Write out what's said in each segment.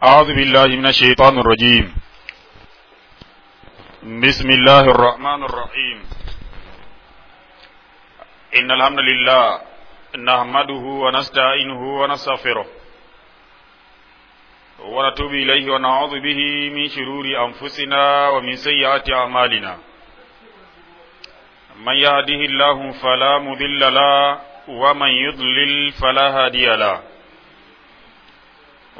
أعوذ بالله من الشيطان الرجيم بسم الله الرحمن الرحيم إن الحمد لله نحمده ونستعينه ونستغفره ونتوب إليه ونعوذ به من شرور أنفسنا ومن سيئات أعمالنا من يهده الله فلا مضل له ومن يضلل فلا هادي له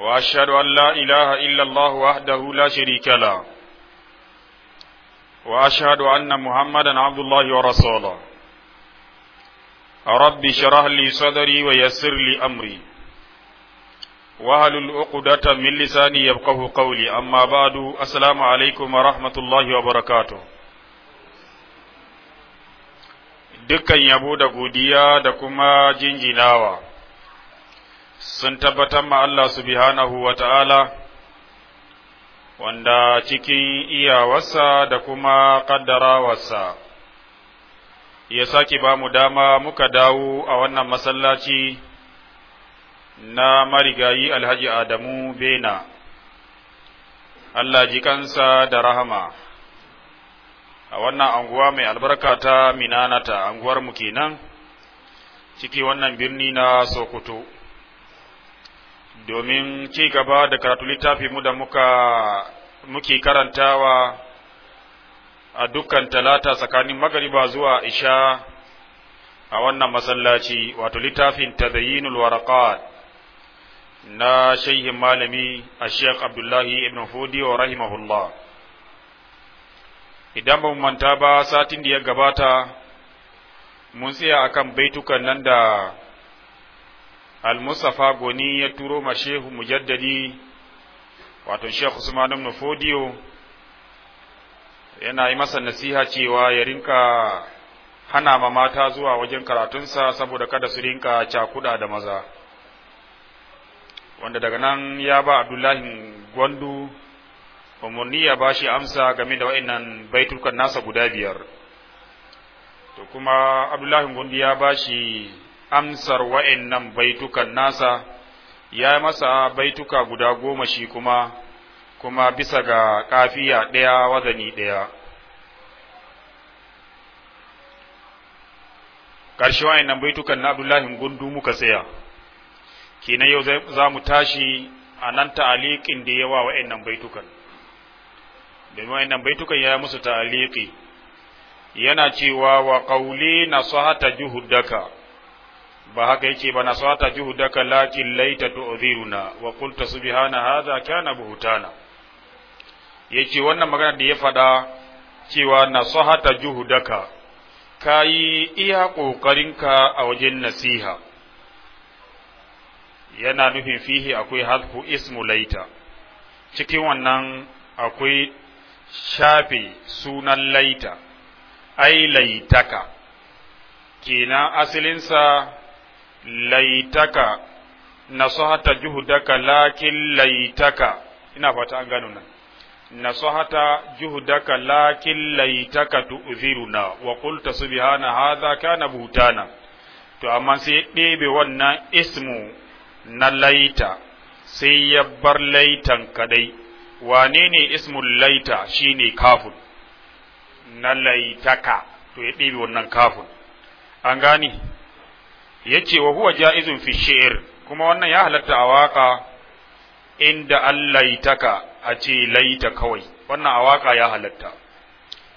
واشهد ان لا اله الا الله وحده لا شريك له واشهد ان محمدا عبد الله ورسوله رب اشرح لي صدري ويسر لي امري واهلل عقدة من لساني يفقه قولي اما بعد السلام عليكم ورحمه الله وبركاته dukkan yabo da godiya da kuma jinjinawa sun tabbatar ma Allah subhanahu wa ta'ala, wanda cikin iyawarsa da kuma ƙaddarawarsa, ya sake ba mu dama muka dawo a wannan masallaci na marigayi Alhaji Adamu Bena, Allah ji da rahama. A wannan anguwa mai albarka ta Minanata, anguwarmu kenan, ciki wannan birni na Sokoto. domin ci gaba da karatu littafi mu da muka muke karantawa a dukkan talata tsakanin magariba zuwa isha a wannan masallaci wato littafin tazayinul waraqat na shaihin malami a sheikh abdullahi ibn Fudi wa rahimahullah idan ba mu manta ba satin da ya gabata mun tsaya akan baitukan nan da al goni ya turo ma shehu mujaddadi wato shehu usman ibn fodiyo yana yi masa nasiha cewa ya rinka hana ma mata zuwa wajen karatunsa saboda kada su rinka cakuda da maza wanda daga nan ya ba abdullahi gwandu umarni ya ba shi amsa game da wa'annan baitukan nasa guda biyar to kuma abdullahi gwandu ya ba shi amsar wa'annan baitukan nasa ya masa baituka guda goma shi kuma kuma bisa ga kafiya ɗaya wazani ɗaya ƙarshe wa'annan baitukan na abdullahi gundu muka tsaya kenan yau za mu tashi a nan ta'aliƙin da yawa wa'annan baitukan domin wa'annan baitukan ya yi musu ta'aliƙi yana cewa wa ƙauli na sahata daka. ba haka yake ba sata juhudaka lakin laita tu'dhiruna wa qulta subhana hadha kana buhtana yace wannan magana da ya faɗa cewa nasahata juhudaka kayi iya ƙoƙarinka a wajen nasiha yana nufin fihi akwai hadfu ismu laita cikin wannan akwai shafe sunan laita ai laitaka kenan asilinsa laitaka nasahata juhudaka lakin laitaka ina fata an gano nan nasahata juhudaka lakin laitaka tu'ziruna wa qulta subhana hadha kana butana to amma sai ɗebe wannan ismu na laita sai ya bar laitan kadai wane ne ismul laita shine kafun na laitaka to ya ɗebe wannan kafun an gani yace wa huwa jaizun fi shi'r kuma wannan ya halatta a waka inda allaitaka a ce laita kawai wannan a waka ya halatta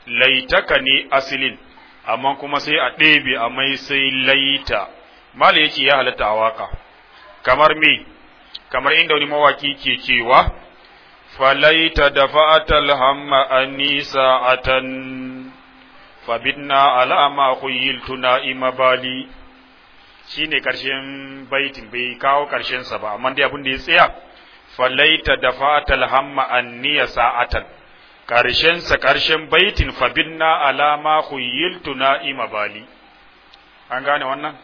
laitaka ne asilin amma kuma sai a ɗebe a mai sai laita mala yace ya halatta a waka kamar me kamar inda wani mawaki ke cewa falaita dafa'atal hamma anisa atan fabidna ala ma khuyiltu na'ima bali Shi ne karshen baitin bai kawo karshen sa ba amma dai abin da ya tsaya falaita dafatal hamma niya sa'atan karshen sa karshen baitin fabinna alama khuyiltu na'ima bali an gane wannan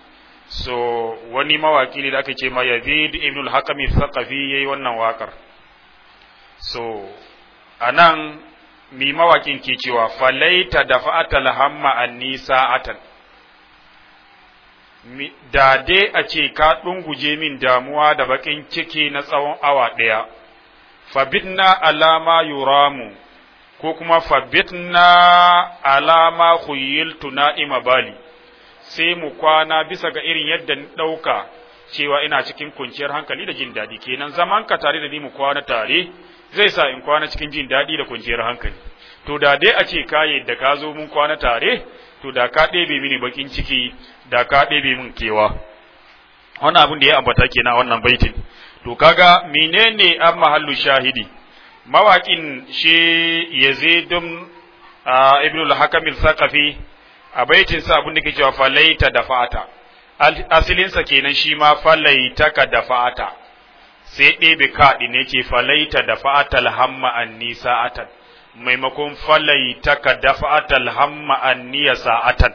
so wani mawaki ne da aka ce ma Yazid ibnul hakami Thaqafi yayi wannan wakar so anan mi mawakin ke cewa falaita dafa'atal hamma anni sa'atan da dai a ce ka ɗunguje min damuwa da baƙin ciki na tsawon awa ɗaya, fabitna alama yuramu ko kuma fabitna alama khuyiltu na'ima bali, sai mu kwana bisa ga irin yadda ɗauka cewa ina cikin kunciyar hankali da jin daɗi kenan zaman ka tare da ni mu kwana tare zai sa in kwana cikin jin daɗi da kunciyar hankali. To da dai a ce ka yadda ka zo mun kwana tare to da ka ɗebe mini bakin ciki da ka ɗebe min kewa wannan abin da ya ambata kenan wannan baitin to kaga menene an mahallu shahidi mawaƙin shi yazid ibn al-hakam al a baitin sa abin da ke cewa falaita da fa'ata asalinsa kenan shi ma falaita ka da fata sai ɗebe kaɗi ne ce falaita da alhamma an nisa'atan maimakon falai taka dafa'atal hamma anniya sa'atan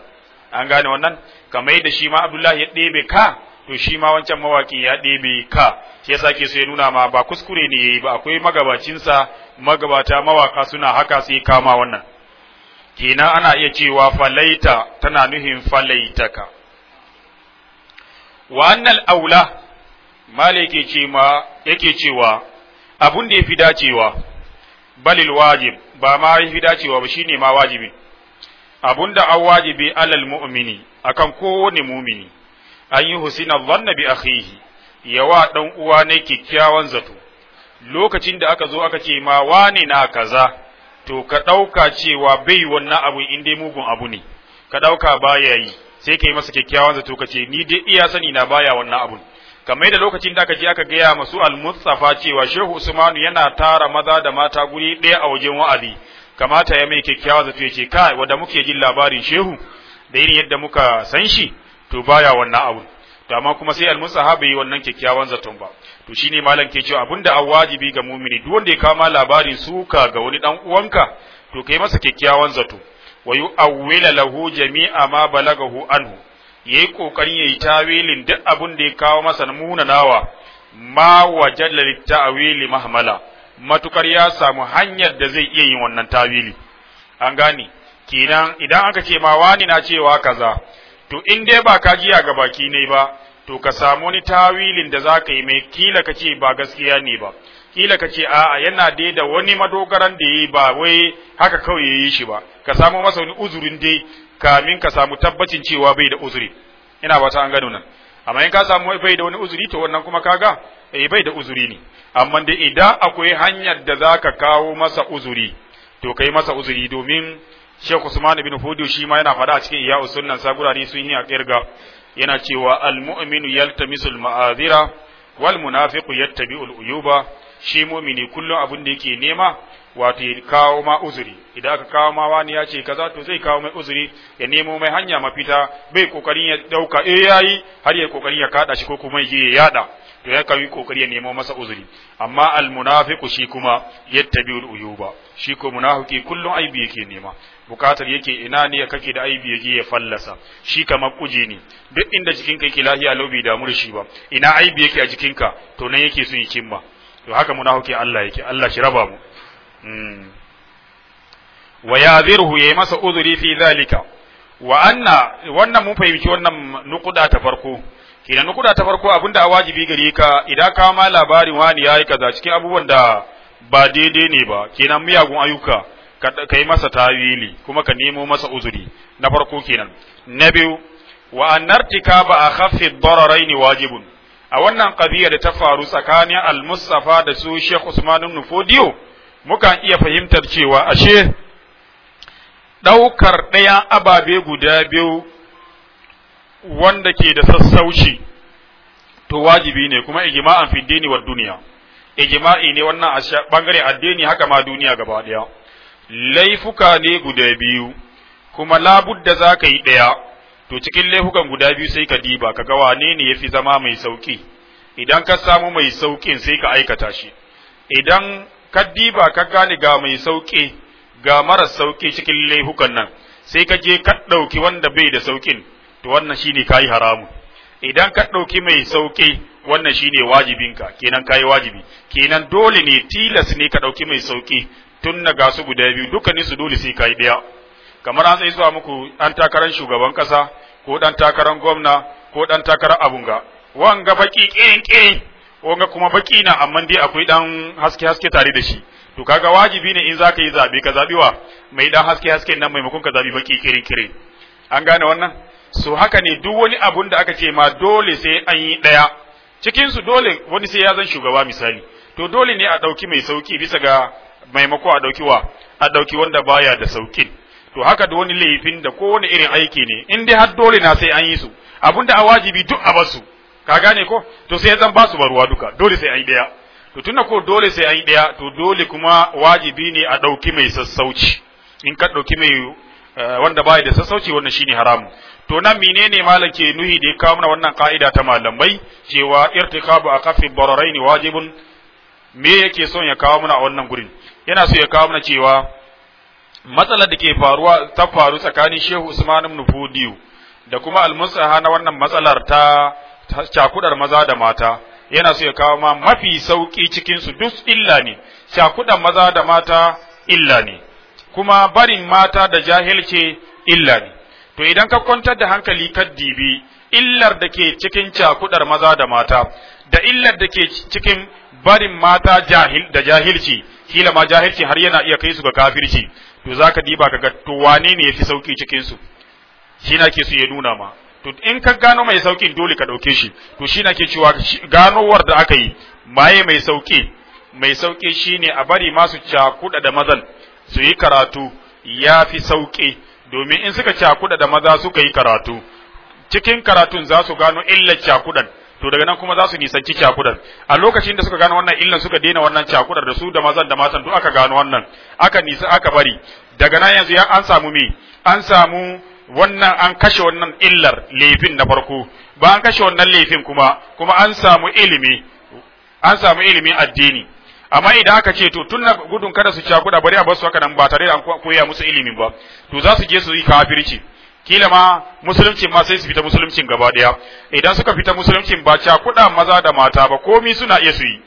an gane wannan kamar da shi ma Abdullahi ya ɗebe ka to shi ma wancan mawaƙi ya ɗebe ka shi yasa ke so ya nuna ma ba kuskure ne yayi ba akwai magabacinsa magabata mawaka suna haka sai kama wannan kenan ana iya cewa falaita tana nuhin falaitaka wa annal aula malike ce ma yake cewa abun da yafi dacewa balil wajib ba ma yi dacewa ba shine ma wajibi abunda an wajibi alal mu'mini akan kowane mumini an yi husina dhanna bi akhihi yawa dan uwa ne kikkiawan zato lokacin da aka zo aka ce ma wane na kaza to ka dauka cewa bai wannan abu in dai mugun abu ne ka dauka baya yi sai kai masa kikkiawan zato ka ce ni dai iya sani na baya wannan abun kamar da lokacin da aka je aka gaya masu al-mustafa cewa shehu usmanu yana tara maza da mata guri ɗaya a wajen wa'azi kamata ya mai kyakkyawa zato ya ce kai wanda muke jin labarin shehu da irin yadda muka san shi to baya wannan abu to amma kuma sai al-mustafa bai yi wannan kyakkyawan zaton ba to shine malam ke cewa abinda an wajibi ga mumini duk wanda ya kama labarin su ka ga wani dan uwanka to kai masa kyakkyawan zato wa yu'awwila lahu jami'a ma balagahu anhu ya yi ƙoƙarin ya yi tawilin duk abin da ya kawo masa munanawa ma wajen tawili mahamala matukar ya samu hanyar da zai iya yin wannan tawili an gane kenan idan aka ce ma wani na cewa kaza to in dai ba ka jiya ga baki ne ba to ka samu wani tawilin da za ka yi mai kila ka ce ba gaskiya ne ba kila ka ce a'a yana dai da wani madogaran da ya yi ba wai haka kawai ya yi shi ba ka samo masa wani uzurin dai kamin ka samu tabbacin cewa bai da uzuri ina ba ta an gano nan amma in ka samu bai da wani uzuri to wannan kuma kaga eh bai da uzuri ne amma da idan akwai hanyar da zaka kawo masa uzuri to kai masa uzuri domin Sheikh Usman ibn Fudu shi ma yana faɗa a cikin Iya Usunnan sagurari sun yi a kirga yana cewa al-mu'minu yaltamisul ma'azira wal munafiqu yattabi'ul uyuba shi mumini kullum abin da yake nema wato ya kawo ma uzuri idan aka kawo ma wani ya ce kaza to zai kawo mai uzuri ya nemo mai hanya mafita bai kokarin ya dauka eh yayi har ya kokarin ya kada shi ko kuma ya yada to ya kawo kokari ya nemo masa uzuri amma al munafiqu shi kuma yattabiul uyuba shi ko munafiki kullum aibi yake nema bukatar yake ina ne ya kake da aibi yake ya fallasa shi kamar kuje ne duk inda jikinka yake lahiya lobi da shi ba ina aibi yake a jikinka to nan yake son yi kimma to haka munafikin Allah yake Allah shi raba mu hmm. wa yadhirhu yayi masa uzuri fi zalika wa anna wannan mun fahimci wannan nukuda ta farko kenan nukuda ta farko abinda a wajibi gare ka idan ka ma labarin wani yayi kaza cikin abubuwan da ba daidai ne ba kenan miyagun ayyuka ka yi masa tawili kuma ka nemo masa uzuri na farko kenan na biyu wa annar tika ba a khaffi ne wajibun a wannan qadiya da ta faru tsakanin al-Mustafa da su Sheikh Usman ibn mukan iya fahimtar cewa ashe ɗaukar ɗayan ababe guda biyu wanda ke da sassauci to wajibi ne kuma ijma'an fi dini wa duniya ijma'i ne wannan bangare addini haka ma duniya gaba ɗaya laifuka ne guda biyu kuma labudda za ka yi ɗaya to cikin laifukan guda biyu sai ka diba ka ga wane ne yafi zama mai sauki idan ka samu mai saukin sai ka aikata shi idan ka diba ka gane ga mai sauki ga mara sauki cikin laifukan nan sai ka je ka ɗauki wanda bai da saukin to wannan shine kai haramu idan ka ɗauki mai sauki wannan shine wajibinka kenan kai wajibi kenan dole ne tilas ne ka ɗauki mai sauki tun na gasu guda biyu dukkanin su dole sai kayi ɗaya kamar an tsaye zuwa muku ɗan takarar shugaban ƙasa ko ɗan takarar gwamna ko ɗan takarar abunga wanga baki ƙirin ƙirin wanga kuma baki na amma dai akwai ɗan haske haske tare da shi to kaga wajibi ne in zaka yi zabe ka zabi wa mai ɗan haske haske nan maimakon ka zabi baki ƙirin ƙirin an gane wannan so haka ne duk wani abun da aka ce ma dole sai an yi ɗaya cikin su dole wani sai ya zan shugaba misali to dole ne a ɗauki mai sauki bisa ga maimako a ɗauki wa a ɗauki wanda baya da saukin to haka da wani laifin da kowane irin aiki ne in dai har dole na sai an yi su abin da a wajibi duk a basu ka gane ko to sai zan basu baruwa duka dole sai an yi daya to tunda ko dole sai an yi daya to dole kuma wajibi ne a ɗauki mai sassauci in ka ɗauki mai eh, wanda baya da sassauci wannan shine haramu to nan menene malam ke nuhi da ya kawo mana wannan ka'ida ta malamai cewa irtikabu bararai ne wajibun me yake son ya kawo mana a wannan gurin yana so ya kawo mana cewa matsalar da ke faruwa ta faru tsakanin Shehu Usman ibn Fudiyu da kuma al al-Musaha na wannan matsalar ta cakudar maza da mata yana so ya kawo ma mafi sauki cikin su duk illa ne cakudar maza da mata illa ne kuma barin mata da jahilce illa ne to idan ka kwantar da hankali ka dibi illar da ke cikin cakudar maza da mata da illar da ke cikin barin mata jahil da jahilci kila ma jahilci har yana iya kai su ga kafirci to za ka diba ka ga to wane ne yafi sauki cikin su shi na ke su ya nuna ma to in ka gano mai saukin dole ka ɗauke shi to shi na ke cewa ganowar da aka yi maye mai sauki mai sauki shine a bari masu cakuda da mazan su yi karatu ya fi sauki domin in suka cakuda da maza suka yi karatu cikin karatun za su gano illar cakuɗan. to daga nan kuma za su nisanci cakudar a lokacin da suka gano wannan illan suka daina wannan cakudar da su da mazan da matan duk aka gano wannan aka nisa aka bari daga nan yanzu an samu me an samu wannan an kashe wannan illar laifin na farko ba an kashe wannan laifin kuma kuma an samu ilimi an samu ilimi addini amma idan aka ce to tun gudun kada su cakuda bari a basu haka nan ba tare da an koya musu ilimi ba to za su je su yi kafirci kila ma musuluncin ma sai su fita musuluncin gaba daya idan suka fita musulunci ba ca kuɗa maza da mata ba komai suna iya su yi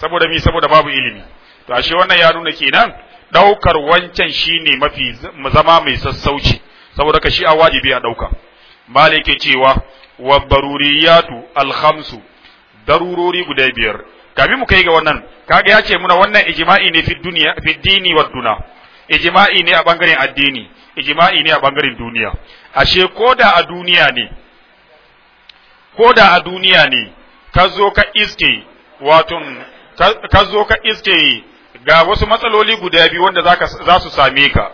saboda mi saboda babu ilimi to ashe wannan ya nuna kenan daukar wancan shine mafi zama mai sassauci saboda ka shi a wajibi a dauka malike cewa wa baruriyatu khamsu darurori guda biyar kafin mu kai ga wannan kaga ya ce muna wannan ijma'i ne fi duniya fi dini wa duna ijma'i ne a bangaren addini ijma'i ne a bangaren duniya ashe koda a duniya ne koda a duniya ne ka zo ka iske waton ka zo ka iske ga wasu matsaloli guda biyu wanda za su same ka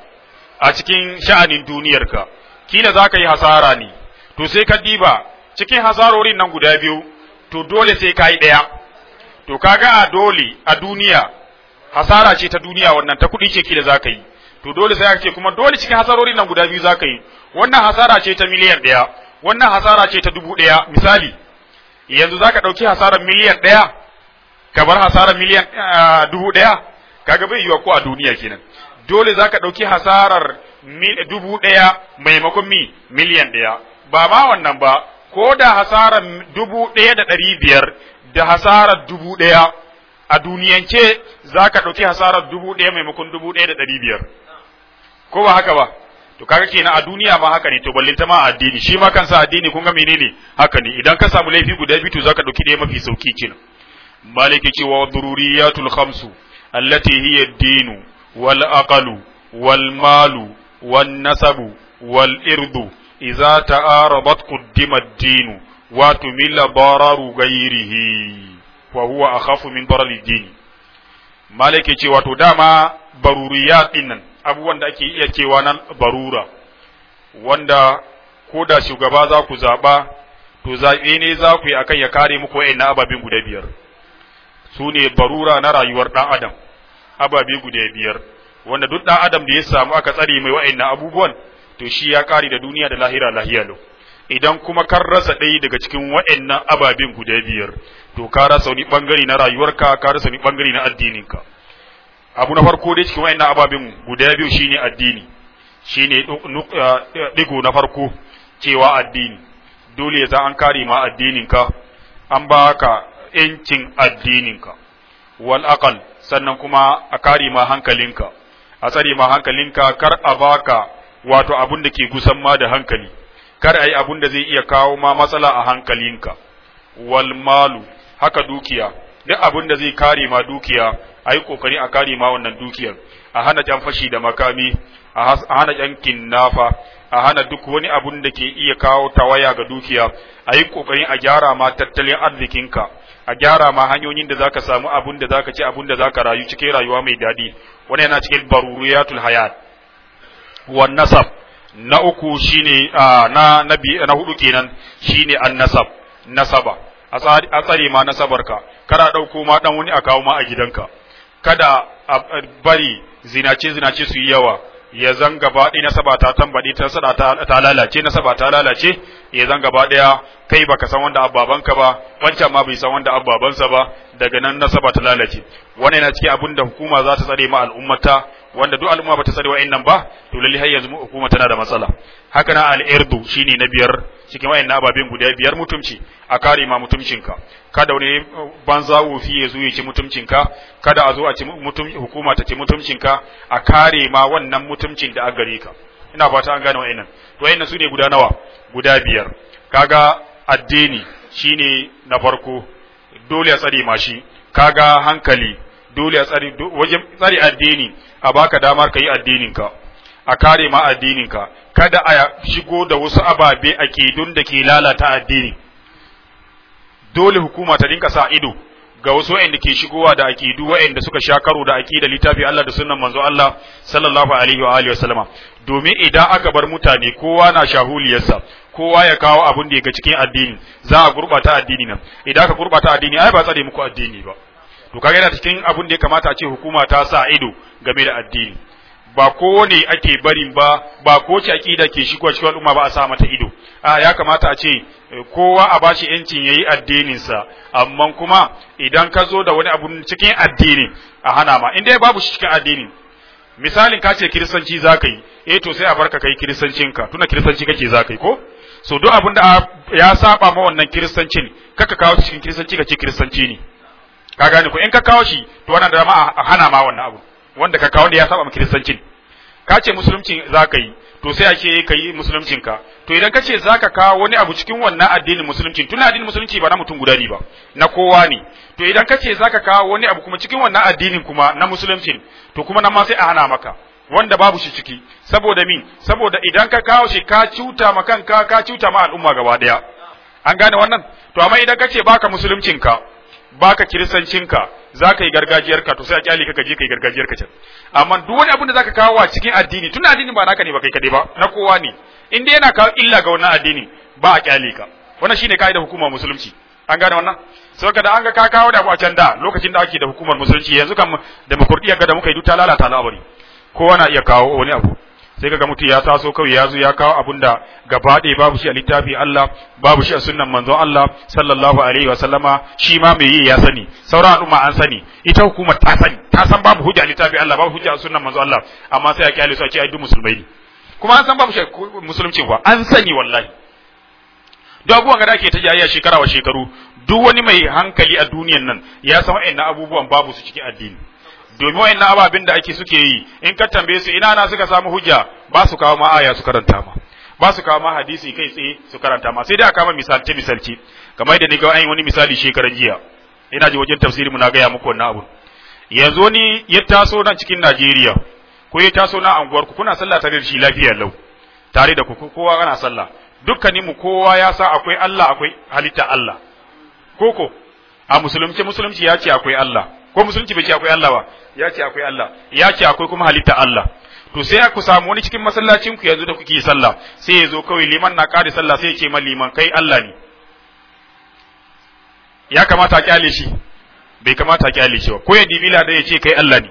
a cikin sha'anin duniyarka kila za ka yi hasara ne to sai ka diba cikin hasarorin nan guda biyu to dole sai ka yi ɗaya to kaga a dole a duniya hasara ce ta duniya wannan ta kuɗi ce ki da zaka yi to dole sai ka ce kuma dole cikin hasarorin nan guda biyu zaka yi wannan hasara ce ta miliyan ɗaya wannan hasara ce ta dubu ɗaya misali yanzu zaka ɗauki hasarar miliyan ɗaya ka bar hasarar miliyan ah, dubu ɗaya kaga bai yiwa ko a duniya kenan dole zaka ɗauki hasarar dubu ɗaya maimakon mi miliyan ɗaya ba ma wannan ba ko da hasarar dubu ɗaya da ɗari biyar da hasarar dubu ɗaya a duniyance za ka ɗauki hasarar dubu ɗaya maimakon dubu ɗaya da ɗari biyar ko ba haka ba to kaga kenan a duniya ma haka ne to ta ma addini shi ma kansa addini kun ga menene haka ne idan ka samu laifi guda biyu to ka dauki ɗaya mafi sauki ya ce wa dururiyatul khamsu allati hiya ad-dinu wal aqlu wal malu wan nasabu wal irdu idza ta'aradat quddima ad-dinu wa tumila bararu ghairihi wa huwa akhafu min darali dini malike ce wato dama baruriya dinnan abubuwan da ake iya cewa nan barura wanda ko da shugaba za ku zaɓa to zaɓe ne za ku yi akan ya kare muku wa'in na ababin guda biyar su ne barura na rayuwar ɗan adam ababe guda biyar wanda duk ɗan adam da ya samu aka tsare mai wa'in abubuwan to shi ya kare da duniya da lahira lahiya idan kuma kan rasa ɗaya daga cikin wa'annan ababen guda biyar to ka rasa wani ɓangare na rayuwarka ka rasa wani ɓangare na addininka abu na farko dai cikin wa'annan ababen guda biyu shine addini shine eh, eh, ɗigo na farko cewa addini dole za an kare ma addininka an ba ka ‘yancin addininka, wal sannan kuma a kare ma hankalinka, a tsare ma hankalinka kar a baka wato abin da ke gusan ma da hankali, kar a yi abun da zai iya kawo ma matsala a hankalinka wal malu haka dukiya duk abun da zai kare ma dukiya a yi kokari a kare ma wannan dukiyar a hana can fashi da makami a hana jan kinnafa a hana duk wani abun da ke iya kawo tawaya ga dukiya a yi kokari a gyara ma tattalin arzikinka a gyara ma hanyoyin da zaka samu abun da zaka ci abun da zaka rayu cikin rayuwa mai daɗi wani yana cikin baruriyatul hayat wa nasab na uku shine na nabi na hudu kenan shine annasab nasaba a tsare ma nasabarka kada ɗauko ma dan wani a kawo ma a gidanka kada a bari zinace zinace su yi yawa ya zan gaba ɗaya nasaba ta tambaɗe ta sada ta lalace nasaba ta lalace ya zan gaba daya kai baka san wanda abbabanka ba wancan ma bai san wanda abbabansa ba daga nan nasaba ta lalace wannan yana cikin abin da hukuma za ta tsare ma al'ummata wanda duk al'umma ba ta tsare wa'annan ba to lalle har yanzu hukuma tana da matsala haka na al'irdu shine na biyar cikin wa'annan ababen guda biyar mutumci a kare ma mutumcinka kada wani banza wofi ya zo ya ci mutumcinka kada a zo a ci hukuma ta ci mutumcinka a kare ma wannan mutumcin da a gare ka ina fata an gane wa'annan to wa'annan su ne guda nawa guda biyar kaga addini shine na farko dole a tsare mashi kaga hankali dole a tsare wajen tsare addini a baka damar ka yi addininka a kare ma addininka kada a shigo da wasu ababe a kedun da ke lalata addini dole hukuma ta dinka sa ido ga wasu wa'anda ke shigowa da aqidu wa'anda suka sha karo da aqida littafi Allah da sunnan manzo Allah sallallahu alaihi wa alihi wasallama domin idan aka bar mutane kowa na shahuliyarsa kowa ya kawo abin da yake cikin addini za a gurbata addini nan idan aka gurbata addini ai ba tsare muku addini ba to kaga yana cikin abin da ya kamata a ce hukuma ta sa ido game da addini ba kowane ake barin ba ba ko ce aqida ke shigowa cikin al'umma ba a sa mata ido ya kamata a ce eh, kowa a bashi yancin yayi addininsa amma kuma idan ka zo da wani abu cikin addini a hana ma in dai babu shi cikin addini misalin ka ce kiristanci za ka yi eh to sai a barka kai kiristancinka tuna kiristanci kake za ka yi ko so duk abin da ya saba ma wannan kiristancin kaka kawo cikin kiristanci ka ce kiristanci ne ka gane ko in ka kawo shi to wannan da ma a hana ma wannan abu wanda ka kawo da ya saba ma kiristancin ka ce musulunci za ka yi to sai ake ka yi musuluncin ka to idan ka ce ka kawo wani abu cikin wannan addinin musulunci tun addinin musulunci ba na mutum guda ne ba na kowa ne to idan ka ce ka kawo wani abu kuma cikin wannan addinin kuma na musulunci to kuma nan ma sai a hana maka wanda babu shi ciki saboda min saboda idan ka kawo shi ka cuta ma kanka ka cuta ma al'umma gaba daya an gane wannan to amma idan kace baka musuluncin ka baka kiristancinka za ka yi gargajiyarka to sai a kyale ka gaji ka yi gargajiyarka can amma duk wani abin da zaka kawo a cikin addini tun addini ba naka ne ba kai kadai ba na kowa ne in dai yana kawo illa ga wannan addini ba a kyale ka wannan shine kaidar hukumar musulunci an gane wannan saboda da an ga ka kawo da abu a can da lokacin da ake da hukumar musulunci yanzu kan da ga da muka yi duk ta lalata al'amari kowa na iya kawo wani abu sai kaga mutum ya taso kawai ya zo ya kawo abin da gaba ɗaya babu shi a littafi Allah babu shi a sunan manzon Allah sallallahu alaihi wa sallama shi ma mai yi ya sani sauran al'umma an sani ita hukuma ta sani ta san babu hujja a littafi Allah babu hujja a sunan manzon Allah amma sai a kyale su a ce ai duk musulmai ne kuma an san babu shi musulunci kuwa an sani wallahi duk abubuwan da ake ta jayayya shekara wa shekaru duk wani mai hankali a duniyan nan ya san wa'annan abubuwan babu su cikin addini domin wayannan ababin da ake suke yi in ka tambaye su ina na suka samu hujja ba su kawo ma aya su karanta ma ba su kawo ma hadisi kai tsaye su karanta ma sai dai ma kama misalce misalce kamar yadda ni ga an yi wani misali shekaran jiya ina ji wajen tafsiri mu na gaya muku wannan abu yanzu wani ya taso nan cikin Najeriya ko ya taso na anguwar ku kuna sallah tare da shi lafiya lau tare da ku kowa ana sallah dukkanin mu kowa ya sa akwai Allah akwai halitta Allah koko a musulunci musulunci ya ce akwai Allah ko musulunci bai ce akwai Allah ba ya ce akwai Allah ya ce akwai kuma halitta Allah to sai ku samu wani cikin masallacin ku yanzu da kuke sallah sai ya zo kawai liman na kare sallah sai ya ce ma liman kai Allah ne ya kamata a kyale shi bai kamata a kyale shi ba ko ya dibi da ya ce kai Allah ne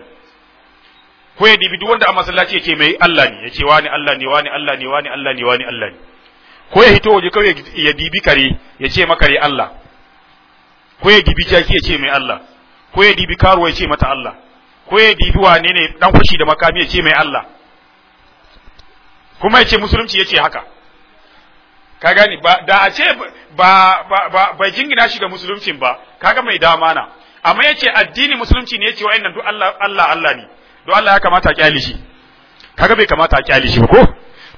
ko ya dibi duk wanda a masallaci ya ce mai Allah ne ya ce wani Allah ne wani Allah ne wani Allah ne wani Allah ne ko ya hito waje kawai ya dibi kare ya ce makare Allah ko ya dibi jaki ya ce mai Allah ko ya dibi karuwa ya ce mata Allah ko ya dibi wane ne dan kushi da makami ya ce mai Allah kuma ya ce musulunci ya ce haka ka gani ba da a ce ba ba ba jingina shi ga musuluncin ba kaga mai dama na amma ya ce addini musulunci ne ya ce wa'annan duk Allah Allah Allah ne do Allah ya kamata a kyale shi kaga bai kamata a kyale shi ba ko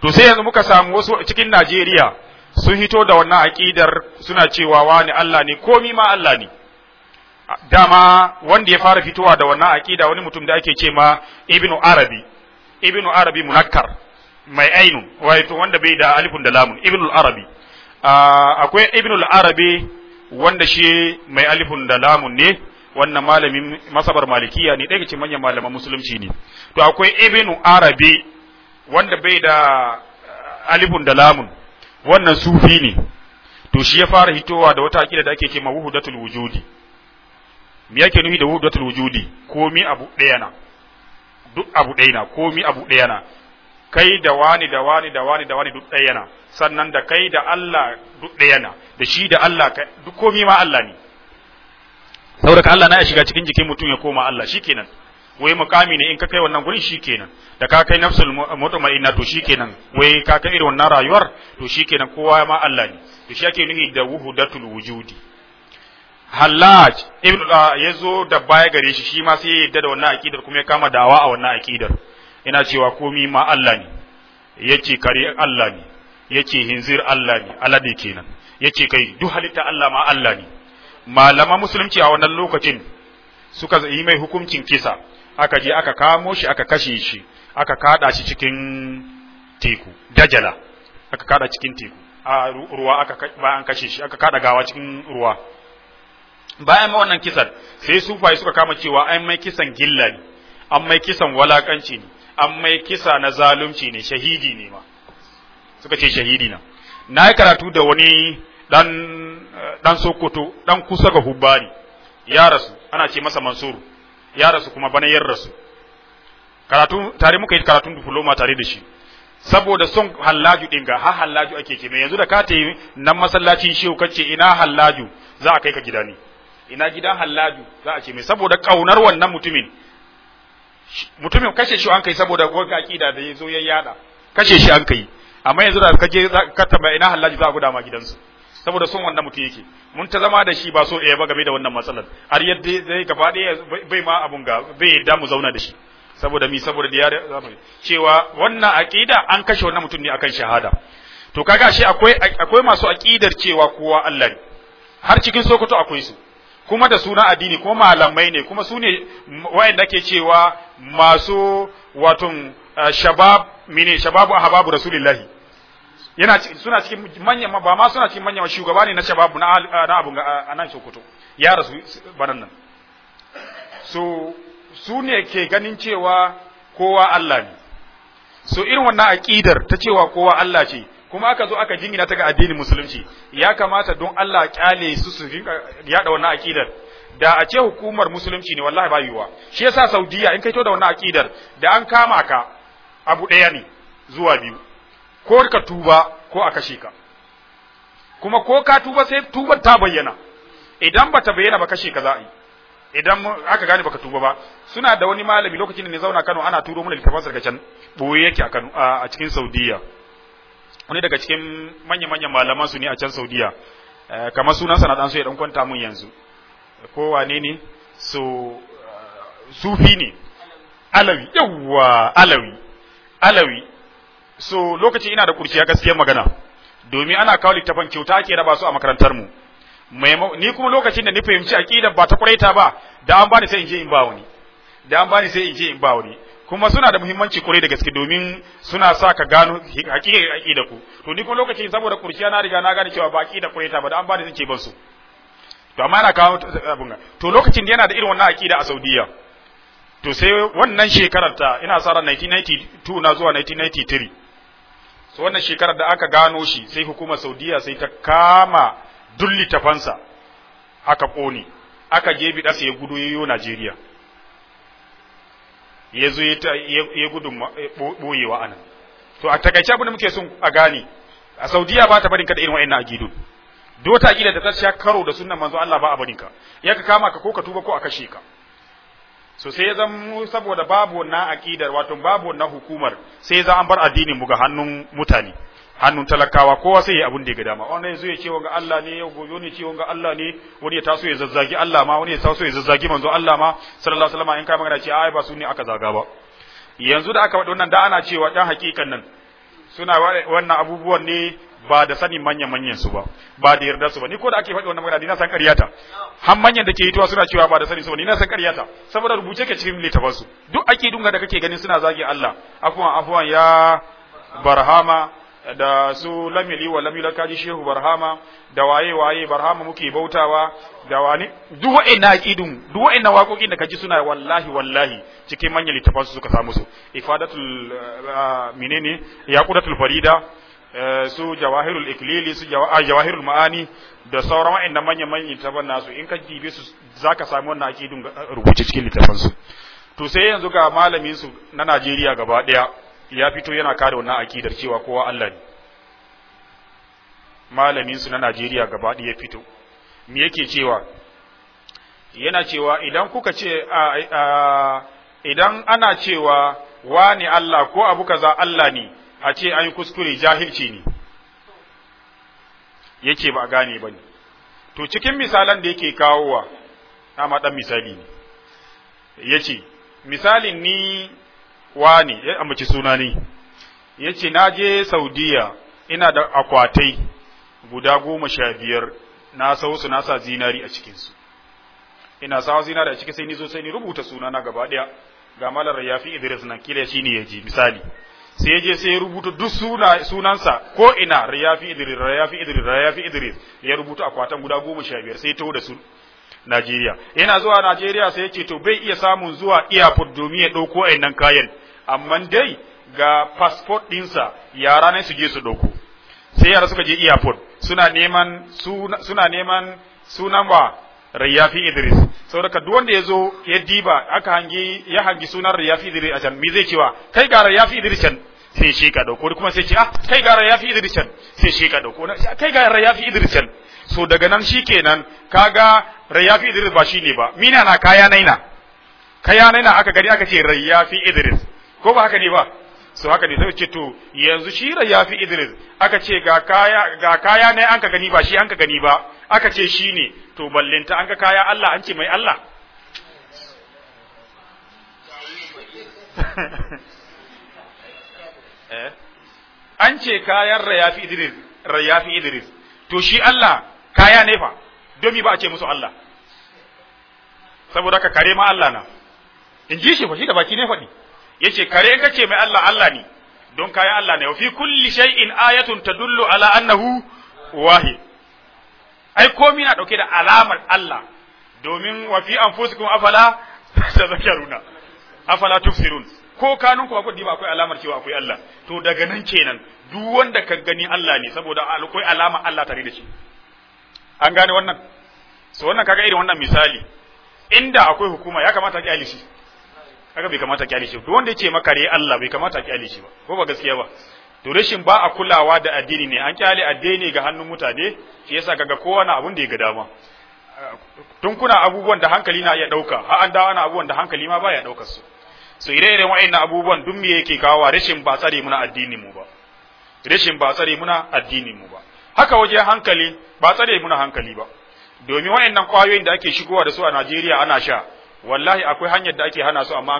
to sai yanzu muka samu wasu cikin Najeriya sun hito da wannan aƙidar suna cewa wani Allah ne komi ma Allah ne dama wanda ya fara fitowa da wannan aqida wani mutum da ake ce ma ibnu arabi ibnu arabi munakkar mai ainun wato wanda bai da alifun da lamun ibnu arabi ah, akwai ibnu arabi wanda shi mai alifun da lamun ne wannan malamin masabar malikiya ne daga cikin manyan malaman musulunci ne to akwai ibnu arabi wanda bai da alifun da lamun wannan sufi ne to shi ya fara hitowa da wata aqida da ake ce ma wuhudatul wujudi me yake nufi da wudatul wujudi komi abu ɗaya na duk abu ɗaya na komi abu ɗaya na kai da wani da wani da wani da wani duk ɗaya na sannan da kai da Allah duk ɗaya na da shi da Allah duk komi ma Allah ne saboda ka Allah na ya shiga cikin jikin mutum ya koma Allah shikenan wai mukami ne in ka kai wannan gurin shikenan da ka kai nafsul mutma'inna to shikenan wai ka kai irin wannan rayuwar to shikenan kowa ma Allah ne to shi ake nufi da wuhudatul wujudi Hallaj ibn ah, ya zo da baya gare shi shi ma sai ya yadda da wannan aƙidar kuma ya kama dawa a wannan aƙidar ina cewa komi ma Allah ne yace kare Allah ne yace hinzir Allah ne alade kenan yace kai duk halitta Allah ma Allah ne malama musulunci a wannan lokacin suka yi mai hukuncin kisa aka je aka kamo shi aka kashe shi aka kada shi cikin teku dajala aka kada cikin teku a ruwa aka ba an kashe shi aka kada gawa cikin ruwa bayan wannan kisan sai sufaye suka kama cewa an mai kisan gilla ne an mai kisan walakanci ne an mai kisa na zalunci ne shahidi ne ma suka ce shahidi na na yi karatu da wani dan dan sokoto dan kusa ga hubbari ya rasu ana ce masa mansuru ya rasu kuma bana yar rasu karatu tare muka yi karatun diploma tare da shi saboda son hallaju din ga ha hallaju ake ce yanzu da ka ta yi nan masallacin shehu kace ina hallaju za a kai ka gida ne ina gidan hallaju za a ce mai saboda kaunar wannan mutumin mutumin kashe shi an kai saboda wani kida da ya zo ya yada kashe shi an kai amma yanzu da kaje ka tambaya ina hallaji za a guda ma gidansu saboda son wannan mutum yake mun ta zama da shi ba so ɗaya ba game da wannan matsalar har yadda zai gaba ɗaya bai ma abun ga bai yadda mu zauna da shi saboda mi saboda diyar zamani cewa wannan aqida an kashe wannan mutum ne akan shahada to kaga shi akwai akwai masu aqidar cewa kowa Allah ne har cikin Sokoto akwai su kuma da suna addini kuma malamai ne kuma su ne wayanda ke cewa masu waton eh, shabab mine shababu ahbabu rasulillahi yana suna cikin manyan ba ma suna cikin manyan shugaba ne na shababu na na abun ga nan Sokoto ya rasu banan nan so su ne ke ganin cewa kowa Allah ne so irin wannan aqidar ta cewa kowa Allah ce kuma aka zo aka jingina ta ga addinin musulunci ya kamata don Allah kyale su su rinka yada wannan aqidar da a ce hukumar musulunci ne wallahi ba yiwa shi yasa Saudiya in kai to da wannan aqidar da an kama ka abu ɗaya ne zuwa biyu ko ka tuba ko a kashe ka kuma ko ka tuba sai tubar ta bayyana idan ba ta bayyana ba kashe ka za a yi idan aka gane baka tuba ba suna da wani malami lokacin da ne zauna Kano ana turo mana littafin sarkacen boye yake a Kano a cikin Saudiya wani daga cikin manya-manyan malaman su ne a can saudiya eh, kamar sunan sanatan su ya dan kwanta mun yanzu ko wane ne so eh, sufi ne alawi yawwa alawi alawi so lokaci ina da kurciya gaskiyar magana domin ana kawo littafan kyauta ake raba su a makarantar mu ni kuma lokacin da ni fahimci aqidar ba ta kuraita ba da an bani sai in je in ba wani da an bani sai in je in ba wani kuma suna da muhimmanci kwarai da gaske domin suna sa ka gano hakikar da ku to ni kuma lokaci saboda kurciya na riga na gane cewa ba da kwarai ta ba da an ba da zance ban su to amma yana kawo abin to lokacin da yana da irin wannan da a Saudiya to sai wannan shekarar ta ina sa ran 1992 na zuwa 1993 so wannan shekarar da aka gano shi sai hukumar Saudiya sai ta kama dulli tafansa aka kone aka jebi dasa ya gudu yayyo Najeriya ya zo ya gudun ɓoyewa a nan to a takaice abin da muke sun a gane a saudiya ba ta barin ka da irin wa'annan agidun do ta gida da ta sha karo da sunnan manzo Allah ba a barin ka ya ka kama ka ko ka tuba ko a kashe ka so sai ya zama saboda babu wannan aqidar wato babu wannan hukumar sai ya an bar addinin mu ga hannun mutane hannun talakawa kowa sai ya abun da ya ga dama wani yanzu ya ce wanga Allah ne yau gobe ne ce wanga Allah ne wani ya taso ya zazzagi Allah ma wani ya taso ya zazzagi manzo Allah ma sallallahu alaihi wasallam in kai magana ce ai ba su ne aka zaga ba yanzu da aka faɗi wannan da ana cewa dan hakikan nan suna wannan abubuwan ne ba da sanin manyan manyan su ba ba da yarda su ba ni ko da ake faɗi wannan magana ni na san ƙaryata har manyan da ke tuwa suna cewa ba da sanin su ba ni na san ƙaryata saboda rubuce ke cikin littafin su duk ake dunga da kake ganin suna zagi Allah afwan afwan ya barhama da su lamili wa lamila kaji shehu barhama da waye waye barhama muke bautawa da wani duk wa'annan aqidun duk wa'annan waƙoƙin da kaji suna wallahi wallahi cikin manyan littafan su suka samu su ifadatul eh, ah, minene yaqudatul farida eh, su jawahirul iklili su ah, jawahirul maani da sauran wa'annan manyan manyan littafan nasu in ka dibe su zaka samu wannan aqidun eh, rubuce cikin littafan su to sai yanzu ga malamin su na Najeriya gaba daya ya fito yana kare wannan akidar cewa kowa Allah ne malamin su na Najeriya gaba ya fito me yake cewa yana cewa idan kuka ce idan ana cewa wani Allah ko abu kaza Allah ne a ce an kuskure jahilci ne yake ba gane ba ne to cikin misalan da yake kawowa amma dan misali ne yace misalin ni wani ya ambaci suna ne ya ce na je saudiya ina da akwatai guda goma sha biyar na sau su na sa zinari a cikinsu ina sa zinari a cikin sai ni zo sai ni rubuta suna na gaba daya ga malar rayafi idris na kila shi ne ya ji misali sai ya je sai ya rubuta duk suna sunansa ko ina rayafi idris rayafi idris rayafi idris ya rubuta akwatan guda goma sha biyar sai ya taho da su Najeriya yana zuwa Najeriya sai ya ce to bai iya samun zuwa airport domin ya ɗauko nan kayan amma dai ga passport ɗinsa yara ne su je su ɗauko sai yara suka je airport suna neman suna neman sunan wa Riyafi Idris saboda duk wanda ya zo ya diba aka hangi ya hangi sunan Riyafi Idris a can me zai cewa kai ga Riyafi Idris can sai shi ka dauko kuma sai ce ah kai ga Riyafi Idris can sai shi ka dauko kai ga Riyafi Idris can so daga nan shikenan kaga rayyafi idris ba shi ne ba mina na kaya naina kaya naina aka gani aka ce rayyafi idris ko ba haka ne ba so haka ne zai ce to yanzu shi rayyafi idris aka ce ga kaya ga kaya ne an ka gani ba shi an ka gani ba aka ce shi ne to ballinta an ka kaya Allah an ce mai Allah eh? an ce kayan rayafi idris rayafi idris to shi Allah kaya ne fa domin ba a ce musu Allah saboda ka kare ma Allah na in ji shi fashi da baki ne faɗi Ya ce kare ka kace mai Allah Allah ne don kayan Allah na wa fi kulli in ayatun tadullu ala annahu wahid ai komai na dauke da alamar Allah domin wa fi anfusikum afala tazakkaruna afala tufsirun ko kanun ku akwai ba akwai alamar cewa akwai Allah to daga nan kenan duk wanda ka gani Allah ne saboda akwai alama Allah tare da shi an gane wannan so wannan kaga irin wannan misali inda akwai hukuma ya kamata ki alishi kaga bai kamata ki alishi duk wanda yake makare Allah bai kamata ki alishi ba ko ba gaskiya ba to rashin ba a kulawa da addini ne an kyale addini ga hannun mutane shi yasa kaga kowa na abun da ya ga dama tun kuna abubuwan da hankali na iya dauka har an dawo na abubuwan da hankali ma baya daukar su so ire-iren wa'annan abubuwan duk me yake kawo rashin ba tsare muna addini mu ba rashin ba tsare muna addini mu ba haka waje hankali ba tsare muna hankali ba domin wa'annan kwayoyin da ake shigowa da su a Najeriya ana sha wallahi akwai hanyar da ake hana su amma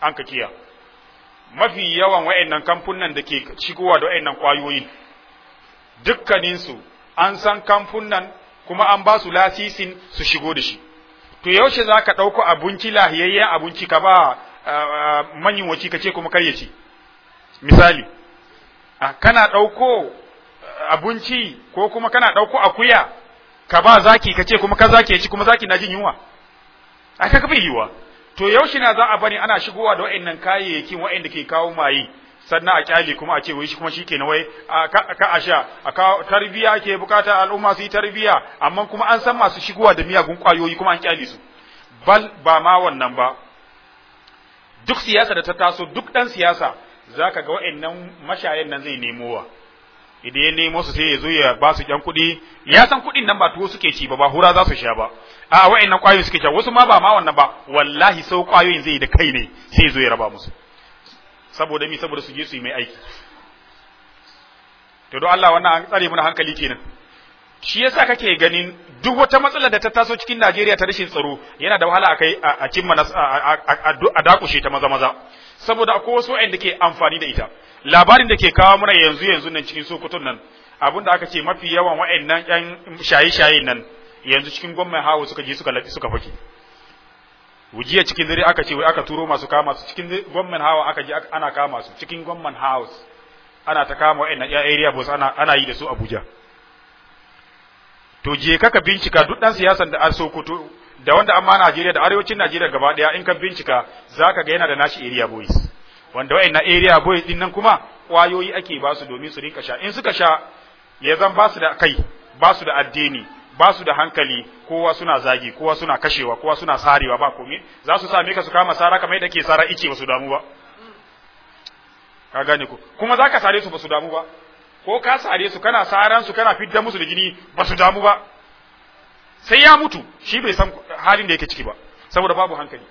an ka an mafi yawan wa'annan kamfunan da ke shigowa da wa'annan kwayoyin dukkaninsu an san kamfunan kuma an ba su lasisin su shigo da shi to yaushe za ka ɗauko abinci lahiyayyen abinci ka ba manyan waci ka kuma karye misali kana ɗauko abinci ko kuma kana ɗauko akuya ka ba zaki kace ce kuma ka zaki ya ci kuma zaki na jin yunwa ai ka bai yiwa to yaushe na za a bani ana shigowa da wa'annan kayayyakin wa'anda ke kawo maye sannan a kyale kuma a ce wai shi kuma shike na wai ka a sha a kawo tarbiya ke bukata al'umma su yi tarbiya amma kuma an san masu shigowa da miyagun kwayoyi kuma an kyale su bal ba ma wannan ba duk siyasa da ta taso duk dan siyasa zaka ga wa'annan mashayan nan zai nemowa idan ya nemo su sai ya zo ya ba su kuɗi ya san kuɗin nan ba tuwo suke ci ba ba hura za su sha ba a wa'annan ƙwayoyin suke sha wasu ma ba ma wannan ba wallahi sau ƙwayoyin zai yi da kai ne sai ya zo ya raba musu saboda mi saboda su je su yi mai aiki to don Allah wannan an tsare mana hankali kenan shi yasa kake ganin duk wata matsalar da ta taso cikin Najeriya ta rashin tsaro yana da wahala akai a cimma a dakushe ta maza maza saboda akwai wasu wa'anda ke amfani da ita labarin da ke kawo mana yanzu yanzu nan cikin sokoton nan abin da aka ce mafi yawan wa'annan 'yan shaye-shaye nan yanzu cikin gwamnan hawa suka je suka lafi suka fake wujiya cikin dare aka ce wai aka turo masu kama su cikin gwamnan hawa aka je ana kama su cikin gwamnan house ana ta kama wa'annan ƴan area boss ana ana yi da su Abuja to je kaka bincika duk dan siyasan da an Sokoto da wanda amma Najeriya da arewacin Najeriya gaba daya in ka bincika zaka ga yana da nashi area boys wanda wa'in na area boys din nan kuma kwayoyi ake ba su domin su rinka sha in suka sha ya zan ba su da kai ba su da addini ba su da hankali kowa suna zagi kowa suna kashewa kowa suna sarewa ba komai za su sa ka su kama sara kamar yadda ke sara ice ba su damu ba ka gane ku kuma za ka sare su ba su damu ba ko ka sare su kana saran su kana fidda musu da jini ba su damu ba sai ya mutu shi bai san halin da yake ciki ba saboda babu hankali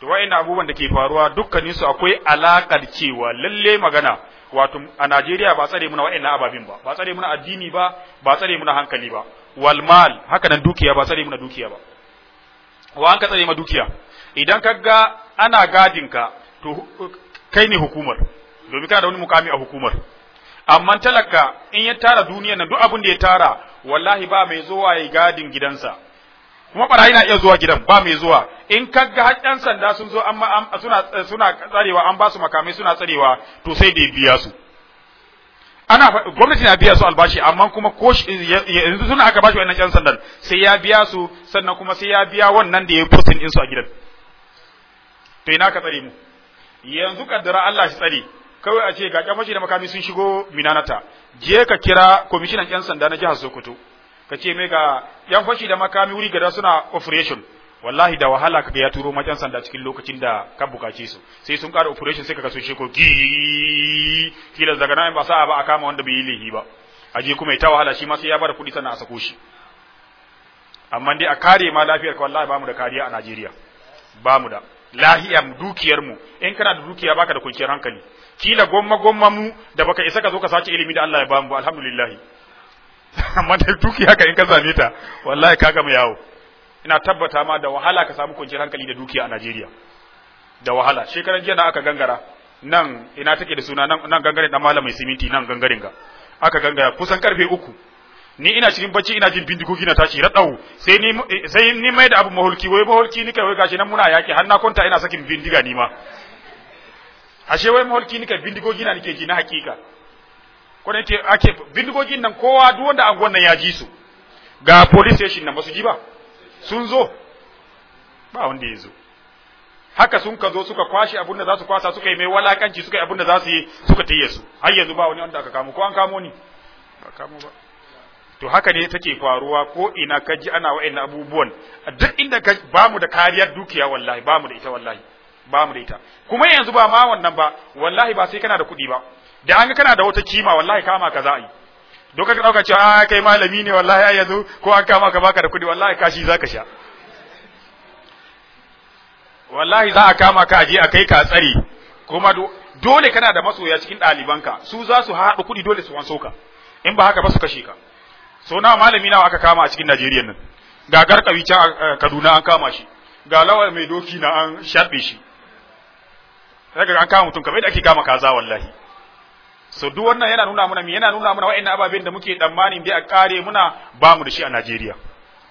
to wa'annan abubuwan da ke faruwa dukkanin su akwai alakar cewa lalle magana wato a Najeriya ba tsare muna wa'annan ababin ba ba tsare muna addini ba ba tsare muna hankali ba wal mal haka nan dukiya ba tsare muna dukiya ba wa an ka tsare ma dukiya idan ka ga ana gadin ka to kai ne hukumar domin kana da wani mukami a hukumar amma talaka in ya tara duniyar nan duk abin da ya tara wallahi ba mai zuwa ya gadin gidansa kuma barayi na iya zuwa gidan ba mai zuwa in kaga har yan sanda sun zo amma suna suna tsarewa an ba su makamai suna tsarewa to sai da biya su ana gwamnati na biya su albashi amma kuma ko yanzu suna aka bashi wannan yan sandan sai ya biya su sannan kuma sai ya biya wannan da ya yi posting din su a gidan to ina ka tsare mu yanzu kaddara Allah shi tsare kawai a ce ga kyan da makami sun shigo minanata je ka kira kwamishinan yan sanda na jihar Sokoto ka ce mai ga yan fashi da makami wuri gada suna operation wallahi da wahala kaga ya turo majan sanda cikin lokacin da ka bukace su sai sun ƙara operation sai kaga shi ko gi kila daga nan ba sa'a ba a kama wanda bai yi ba aje kuma ita wahala shi ma sai ya bar kuɗi sannan a sako shi amma dai a kare ma lafiyar ka wallahi bamu da kariya a Najeriya bamu da lahiya dukiyar mu in kana da dukiya baka da kwanciyar hankali kila gomma gomma mu da baka isa ka zo ka sace ilimi da Allah ya bamu alhamdulillah amma da duki haka in ka same ta wallahi ka gama yawo ina tabbata ma da wahala ka samu kwanciyar hankali da dukiya a Najeriya da wahala shekaran jiya na aka gangara nan ina take da suna nan, nan gangare da malamai siminti nan gangaren ga aka gangara kusan karfe uku ni ina cikin bacci ina jin bindigogi na tashi raɗau sai ni sai ni mai da abu maholki wai maholki ni kai wai gashi nan muna yaki har na kwanta ina sakin bindiga ni ma ashe wai maholki ni kai bindigogi na nake ji na hakika ko ce ake bindigogin nan kowa duk wanda anguwan gwanna ya ji su ga police station nan ba su ji ba sun zo ba wanda ya zo haka sun ka zo suka kwashi abin da za su kwasa suka yi mai walakanci suka yi abin da za su yi suka tayye su har yanzu ba wani wanda aka kamo ko an kamo ni ba kamo ba to haka ne take faruwa ko ina ka ji ana wa'annan abubuwan duk inda ka ba mu da kariyar dukiya wallahi ba mu da ita wallahi ba mu da ita kuma yanzu ba ma wannan ba wallahi ba sai kana da kuɗi ba da an ga kana da wata kima wallahi kama ka za'a yi doka ka dauka cewa a ah, kai malami ne wallahi ai yanzu ko an kama ka baka da kudi wallahi kashi zaka sha wallahi za a kama ka aje a kai ka tsare kuma dole kana da masoya cikin ɗalibanka su za su haɗu kuɗi dole su wanso ka in ba haka ba su kashe ka so na malami nawa aka kama a cikin Najeriya nan ga garkawi can a Kaduna an kama shi ga lawal mai doki na an shaɓe shi daga an kama mutum kamar yadda ake kama kaza wallahi so duk wannan yana nuna mana me yana nuna mana wa'annan ababen da muke tsammanin dai a kare muna ba mu da shi a Najeriya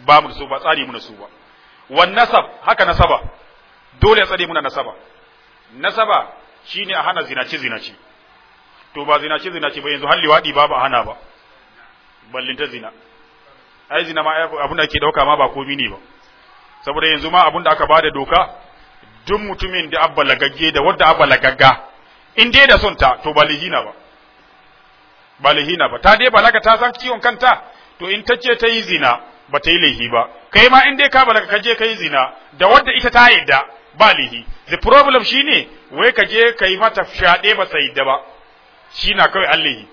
ba mu da su ba tsari mu da su ba wan nasab haka nasaba dole ya tsare muna nasaba nasaba shine a hana zinace zinace to ba zinace zinace ba yanzu halli wadi ba ba hana ba ballinta zina ai zina ma abin da ake dauka ma ba komi ne ba saboda yanzu ma abun da aka bada doka duk mutumin da abba lagagge da wadda abba lagagga in dai da son ta to ba lihina ba balihina ba ta dai balaga ta san ciwon kanta to in tace ta yi zina ba ta yi laihi ba kai ma in dai ka balaga ka je ka yi zina da wadda ita ta yadda ba the problem shine wai ka je ka yi mata fyaɗe ba ta yadda ba shi na kawai an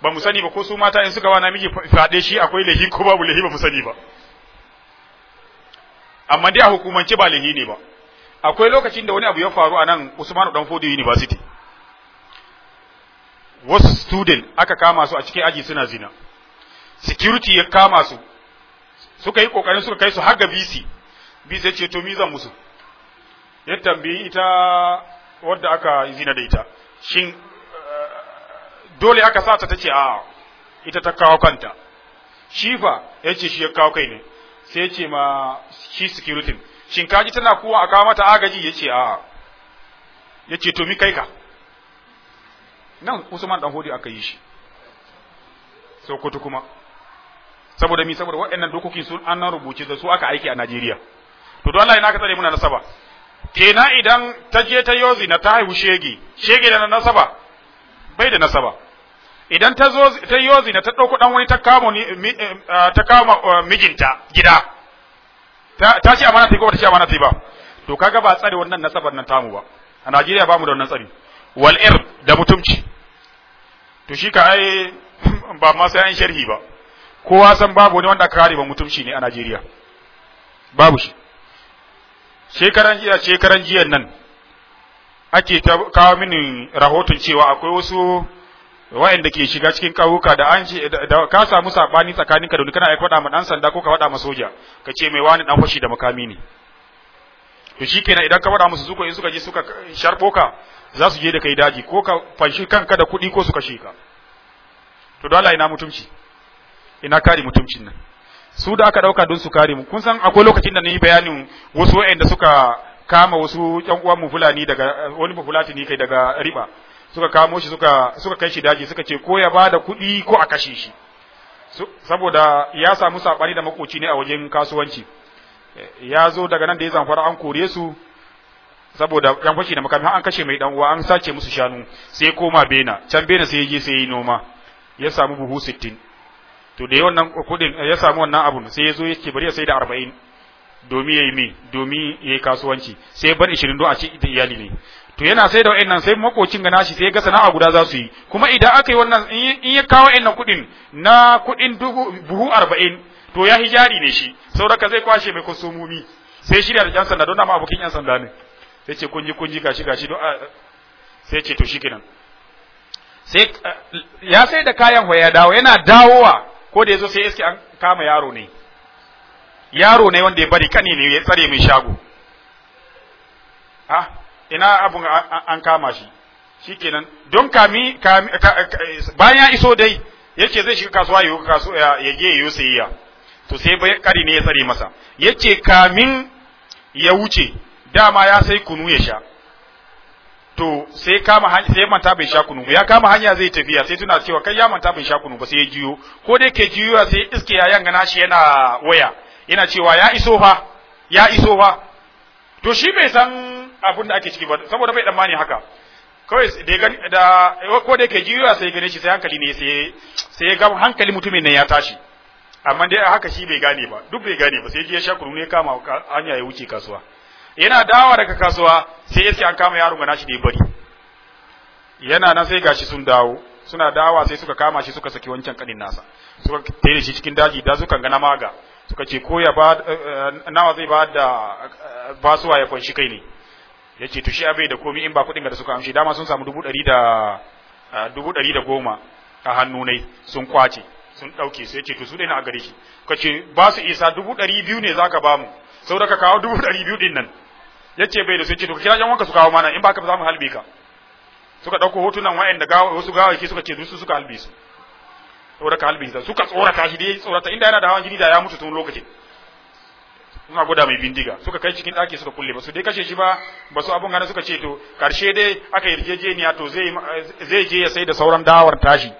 ba mu sani ba ko su mata in suka wa namiji fyaɗe shi akwai laihi ko babu laihi ba mu sani ba amma dai a hukumance ba laihi ne ba akwai lokacin da wani abu ya faru a nan Usmanu fodi University wasu student aka kama su a cikin aji suna zina security ya kama su suka yi kokarin suka kai su har ga BC BC ya ce to mi zan musu ya tambayi ita wadda aka zina da ita shin eh, dole aka sa ta ce a ita ta kawo kanta shifa ya ce shi ya kawo kai ne sai ya ce ma shi security shin kaji tana kowa a kawo mata agaji ya ce a ya ce to mi kai ka nan Usman dan Hodi aka yi shi Sokoto kuma saboda mi saboda waɗannan dokokin sun an nan rubuce da su aka aiki a Najeriya to don Allah ina ka tsare muna nasaba kena idan ta je ta yozi na ta haihu shege shege da na nasaba bai da nasaba idan ta zo ta yozi na ta ɗauko ɗan wani ta kama eh, eh, ta kama eh, mijinta gida ta ci amana ta yi ko ta ci amana ta yi ba to kaga ba tsare wannan nasabar nan tamu ba a Najeriya ba mu da wannan tsari wal da mutumci to shi ka ai ba ma sai an sharhi ba kowa san babu wani wanda aka kare ba mutumci ne a Najeriya babu shi shekaran jiya shekaran jiya nan ake ta kawo mini rahoton cewa akwai wasu wa'anda ke shiga cikin kawuka da an da ka samu sabani tsakaninka da kana aika faɗa ma dan sanda ko ka faɗa ma soja ka ce mai wani dan fashi da makami ne to shikenan idan ka faɗa musu su in suka je suka sharɓo ka za su je da kai daji ko ka fanshi kanka da kuɗi ko su kashe ka to dole ina mutumci ina kare mutumcin nan su da aka ɗauka don su kare mu kun san akwai lokacin da na yi bayanin wasu waɗanda suka kama wasu ƴan uwan fulani daga wani mufulati ne kai daga riba suka kamo shi suka suka kai shi daji suka ce ko ya bada kuɗi ko a kashe shi saboda ya samu sabani da makoci ne a wajen kasuwanci ya zo daga nan da ya zamfara an kore su saboda yan fashi da makami an kashe mai dan uwa an sace musu shanu sai koma bena can bena sai je sai yi noma ya samu buhu 60 to da wannan kudin ya samu wannan abun sai ya zo ya ce bari ya sai da 40 domin yayi mai domin yayi kasuwanci sai bar 20 don a ci da iyali ne to yana sai da wa'annan sai makocin ga nashi sai ya ga sana'a guda za su yi kuma idan aka yi wannan in ya kawo wa'annan kudin na kudin buhu 40 to ya hijari ne shi sauraka zai kwashe mai kwasomomi sai shirya da yan sanda don dama abokin yan sanda ne sai ce kunji kunji gashi gashi don sai ce to shikenan sai ya sai da kayan ya dawo yana dawowa ko da ya zo sai iske an kama yaro ne yaro ne wanda ya bari kani ne ya tsare mai shago ah ina abun an kama shi shikenan don kami bayan ya iso dai yace zai shiga kasuwa ya je ya yi sayayya to sai bai kari ne ya tsare masa yace kamin ya wuce dama ya sai kunu ya sha to sai kama hanya sai manta bai sha kunu ya kama hanya zai tafiya sai tuna cewa kai ya manta bai sha kunu ba sai ya jiyo ko dai ke jiyo sai iske yayan na shi yana waya yana cewa ya iso fa ya iso fa to shi bai san abin da ake ciki ba saboda bai tsammani haka kawai da gani da ko da ke jiyowa sai gane shi sai hankali ne sai sai ga hankali mutumin nan ya tashi amma dai haka shi bai gane ba duk bai gane ba sai ya sha kunu ne kama hanya ya wuce kasuwa yana dawa daga kasuwa sai ya an kama yaron shi da ya bari yana nan sai gashi sun dawo suna dawa sai suka kama shi suka saki wancan kanin nasa suka tere shi cikin daji da suka gana maga suka ce ko ya ba eh, eh, nawa zai ba da eh, basuwa ya kwanci kai ne yace to shi abai da komi in ba kudin da suka amshi dama sun samu dubu ɗari da dubu ɗari da goma a hannunai sun kwace sun ɗauke sai ce to su ɗaya na a gare shi ka ce ba su isa dubu ɗari biyu ne za ka ba mu saboda ka kawo dubu ɗari biyu ɗin nan ya ce bai da sai ce to ka kira yan wanka su kawo mana in ba ka za mu halbe ka suka ɗauko hotunan da gawa wasu ke suka ce su suka halbe su saboda ka halbe su suka tsorata shi dai tsorata inda yana da hawan jini da ya mutu tun lokacin suna gwada mai bindiga suka kai cikin ɗaki suka kulle ba su dai kashe shi ba ba su abun gane suka ce to karshe dai aka yarjejeniya to zai je ya sai da sauran dawar tashi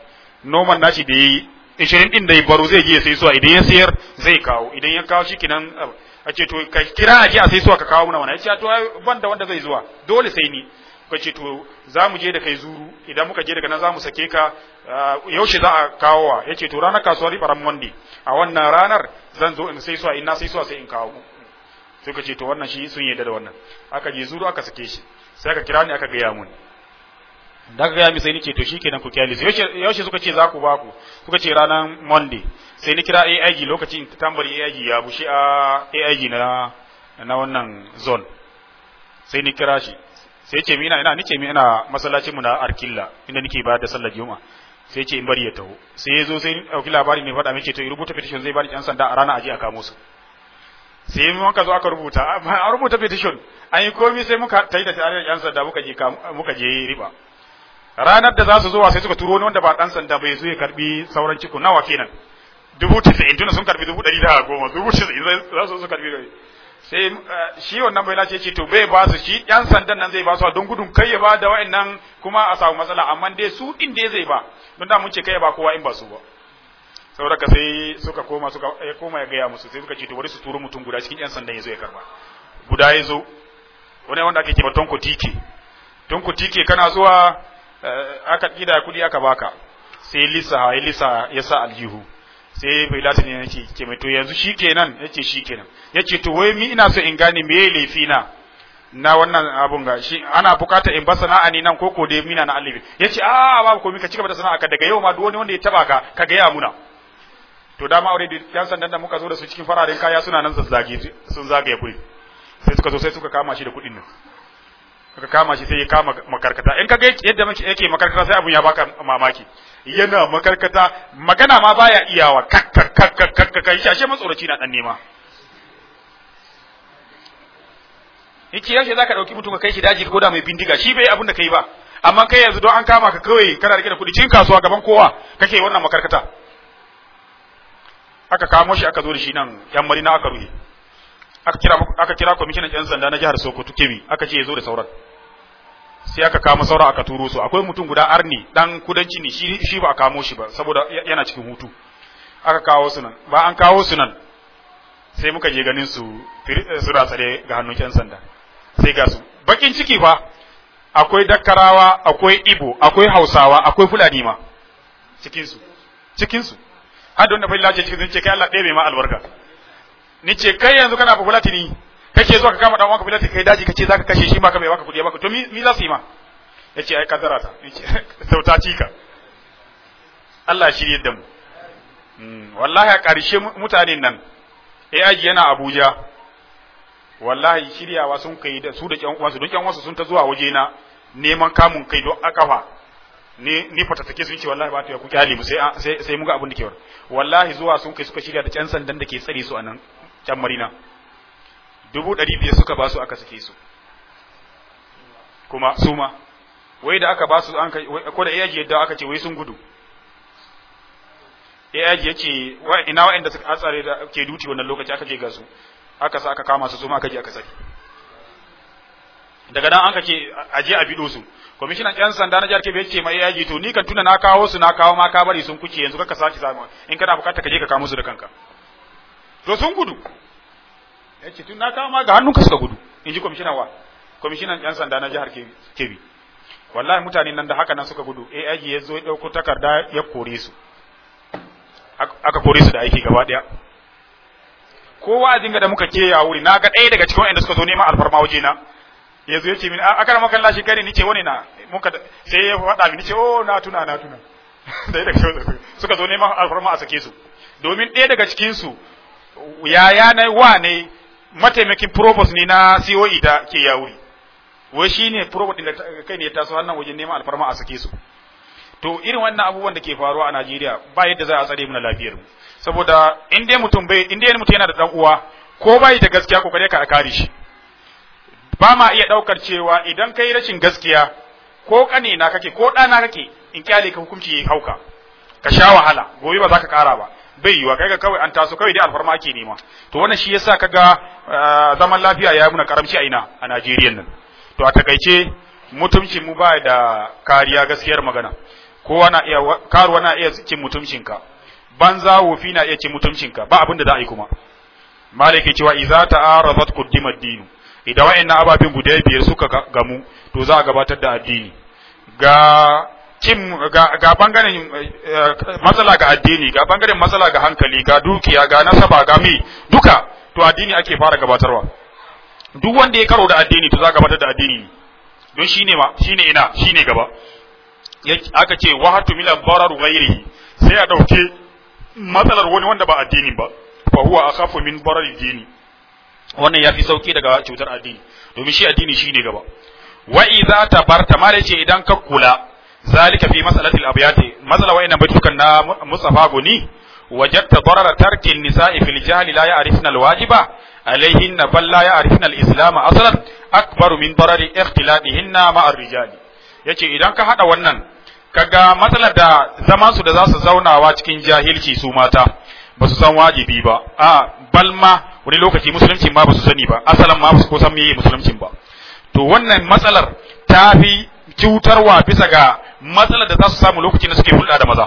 noman nashi da yayi 20 din da ya baro zai je ya sai suwa idan ya sayar zai kawo idan ya kawo shikenan uh, a ce to ka kira a je a sai suwa ka kawo mana wani ya ce to ban da wanda zai zuwa dole sai ni ka ce to za mu je da kai zuru idan muka je daga nan za mu sake ka uh, yaushe za a kawo wa ya ce to ranar kasuwar ribaran monday a wannan ranar zan zo in sai suwa in na sai suwa sai in kawo sai ka ce to wannan shi sun yadda da wannan aka je zuru aka sake shi sai aka kira ni aka gaya mun da ga gaya mi sai ni ce to shikenan ku kyale yaushe suka ce za ku ba ku suka ce ranar monday sai ni kira AIG lokacin tambari AIG ya bushi a AIG na na wannan zone sai ni kira shi sai ce mina ina nice mi ina masallacin mu na Arkilla inda nake ba da sallar juma sai ce in bari ya taho sai ya zo sai ni dauki labari ne faɗa mace to in rubuta petition zai bani ɗan sanda a rana aje a kamo su sai mun ka zo aka rubuta a rubuta petition an yi komai sai muka taita tare da ɗan sanda muka je muka je riba ranar da za su zuwa sai suka turo wani wanda ba dan sanda bai zo ya karbi sauran ciko nawa kenan dubu tisa'in tuna sun karbi dubu ɗari da goma dubu tisa'in za su su karbi sai eh, shi wannan bai lace ce to bai ba su shi yan sandan nan zai ba su don gudun kai ya ba da wa'annan kuma a samu matsala amma dai su din dai zai ba don da mun ce kai ya ba kowa in ba su ba saboda sai suka koma suka ya koma ya gaya musu sai suka ce to bari su turo mutum guda cikin yan sandan ya zo ya karba guda ya zo wani wanda ake ce ba tonko tike tonko tike kana zuwa Eh, aka kida kudi aka baka sai lisa ya eh, lisa ya sa aljihu sai filatu ne yake ke mai to yanzu shikenan yace shikenan yace to wai mi ina so in gane me laifi na na wannan abun ga shi ana bukata in ba sana'a ni nan koko dai mina na alibi yace a babu komai ka cigaba da sana'a ka daga yau ma duk wani wanda ya taba ka ka ga ya muna to dama already dan sandan da muka zo da su cikin fararen kaya suna nan zazzage sun zagaye kuri sai suka zo sai suka kama shi da kudin nan aka kama shi sai ya kama makarkata in kaga yadda yake makarkata sai abun ya baka mamaki yana makarkata magana ma baya iyawa kakka shi ashe matsoraci na dan nema yake yaushe zaka dauki mutum ka kai shi daji ko da mai bindiga shi bai abun da kai ba amma kai yanzu don an kama ka kawai kana rike da kuɗi cikin kasuwa gaban kowa kake wannan makarkata aka kamo shi aka zo da shi nan yan marina aka ruhe aka kira aka kira kwamishinan yan sanda na jihar Sokoto Kebbi aka ce ya zo da sauran sai aka kama saura aka turo su akwai mutum guda arni dan kudanci ne shi ba a kamo shi ba saboda yana cikin hutu aka kawo su nan ba an kawo su nan sai muka je ganin su eh, su ratsare ga hannun kyan sanda sai ga su bakin ciki fa akwai dakkarawa akwai ibo akwai hausawa akwai fulani ma cikin su cikin su har da wanda fulani ce cikin ce kai Allah ɗaya bai ma albarka ni ce kai yanzu kana fa fulatini kace zuwa ka kama dan uwanka filati kai daji kace zaka kashe shi ba ka bai baka kudi ba ka to mi za su yi ma yace ai kadara ta yace sauta ci ka Allah shirye da mu hmm, wallahi a karshe mutanen nan aji yana Abuja wallahi shiryawa sun kai da su da ƴan uwansu don ƴan uwansu sun ta zuwa waje na neman kamun kai don a kafa ni ni fatattake sun ce wallahi ba ta ya ku kyale mu sai sai sai mun ga abin da ke wallahi zuwa sun kai suka shirya da ƴan sandan da ke tsare su a nan can Marina dubu ɗari biyar suka ba su aka sake su kuma su ma wai da aka ba su an ko da AIG yadda aka ce wai sun gudu AIG ya ce ina waɗanda suka tsare da ke duti wannan lokaci aka je ga su aka sa aka kama su su ma aka je aka sake daga nan kace ce aje a bido su kwamishinan yan sanda na jihar Kebbi ya ce mai AIG to ni kan tuna na kawo su na kawo ma ka bari sun kuce yanzu kaka saki samu in kana bukata ka je ka kawo musu da kanka to sun gudu ya ce tun na kawo ma ga ka suka gudu in ji kwamishina wa kwamishinan yan sanda na jihar kebbi wallahi mutane nan da haka nan suka gudu aig ya zo ya ɗauko takarda ya kore su aka kore su da aiki gaba ɗaya kowa a dinga da muka ke ya wuri na ga ɗaya daga cikin wanda suka zo neman alfarma waje na ya zo ya ce min a kara makan lashe kare ni ce wani na muka sai ya faɗa mini ce oh na tuna na tuna ɗaya daga cikin suka zo neman alfarma a sake su domin ɗaya daga cikin su yaya na wa ne mataimakin propos ne na COE da ke yawuri wai shine propos ɗin da kai ne ya taso hannun wajen neman alfarma a sake su to irin wannan abubuwan da ke faruwa a Najeriya ba yadda za a tsare mu na lafiyar mu saboda in dai mutum bai in dai mutum yana da dan uwa ko bai da gaskiya kare ka kare shi ba ma iya ɗaukar cewa idan kai rashin gaskiya ko kane na kake ko ɗana kake in kyale ka hukunci yayi hauka ka sha wahala gobe ba za ka kara ba bai yiwa ga kawai an taso kawai dai alfarma ake nema to wannan shi yasa kaga ah, zaman lafiya ya muna karamci a ina a Najeriya nan to a takaice mutumcin mu ba da kariya gaskiyar magana kowa na iya karuwa na iya cin mutumcinka banza wofi na iya cin ka ba abin da za a yi kuma malaki cewa iza ta'aradat quddima din idan wa'annan ababin guda biyar suka gamu to za a gabatar da addini ga cin ga bangaren eh, matsala ga addini ga bangaren matsala ga hankali ga dukiya ga nasaba ga mi duka to addini ake fara gabatarwa duk wanda ya karo da addini to za gabatar da addini don shine ma shine ina shine gaba aka ce hatu mila barar ghairi sai a dauke matsalar wani wanda ba addini ba fa huwa akhafu min barar dini wannan yafi sauki daga cutar addini domin shi addini shine gaba wa idza tabarta mare ce idan ka kula zalika fi masalatil abyati masala wa inna baitukan na mustafa guni wajadta darara tarki nisa'i fil jahli la ya'rifna alwajiba alaihinna bal la ya'rifna alislam aslan akbaru min darari ikhtilatihinna ma ar-rijali yace idan ka haɗa wannan Ka ga matsalar da zaman su da za su zaunawa cikin jahilci su mata ba su san wajibi ba a bal ma wani lokaci musulunci ba su sani ba asalan ba su ko san ba to wannan matsalar ta fi cutarwa bisa ga matsalar da za su samu lokacin da suke hulɗa da maza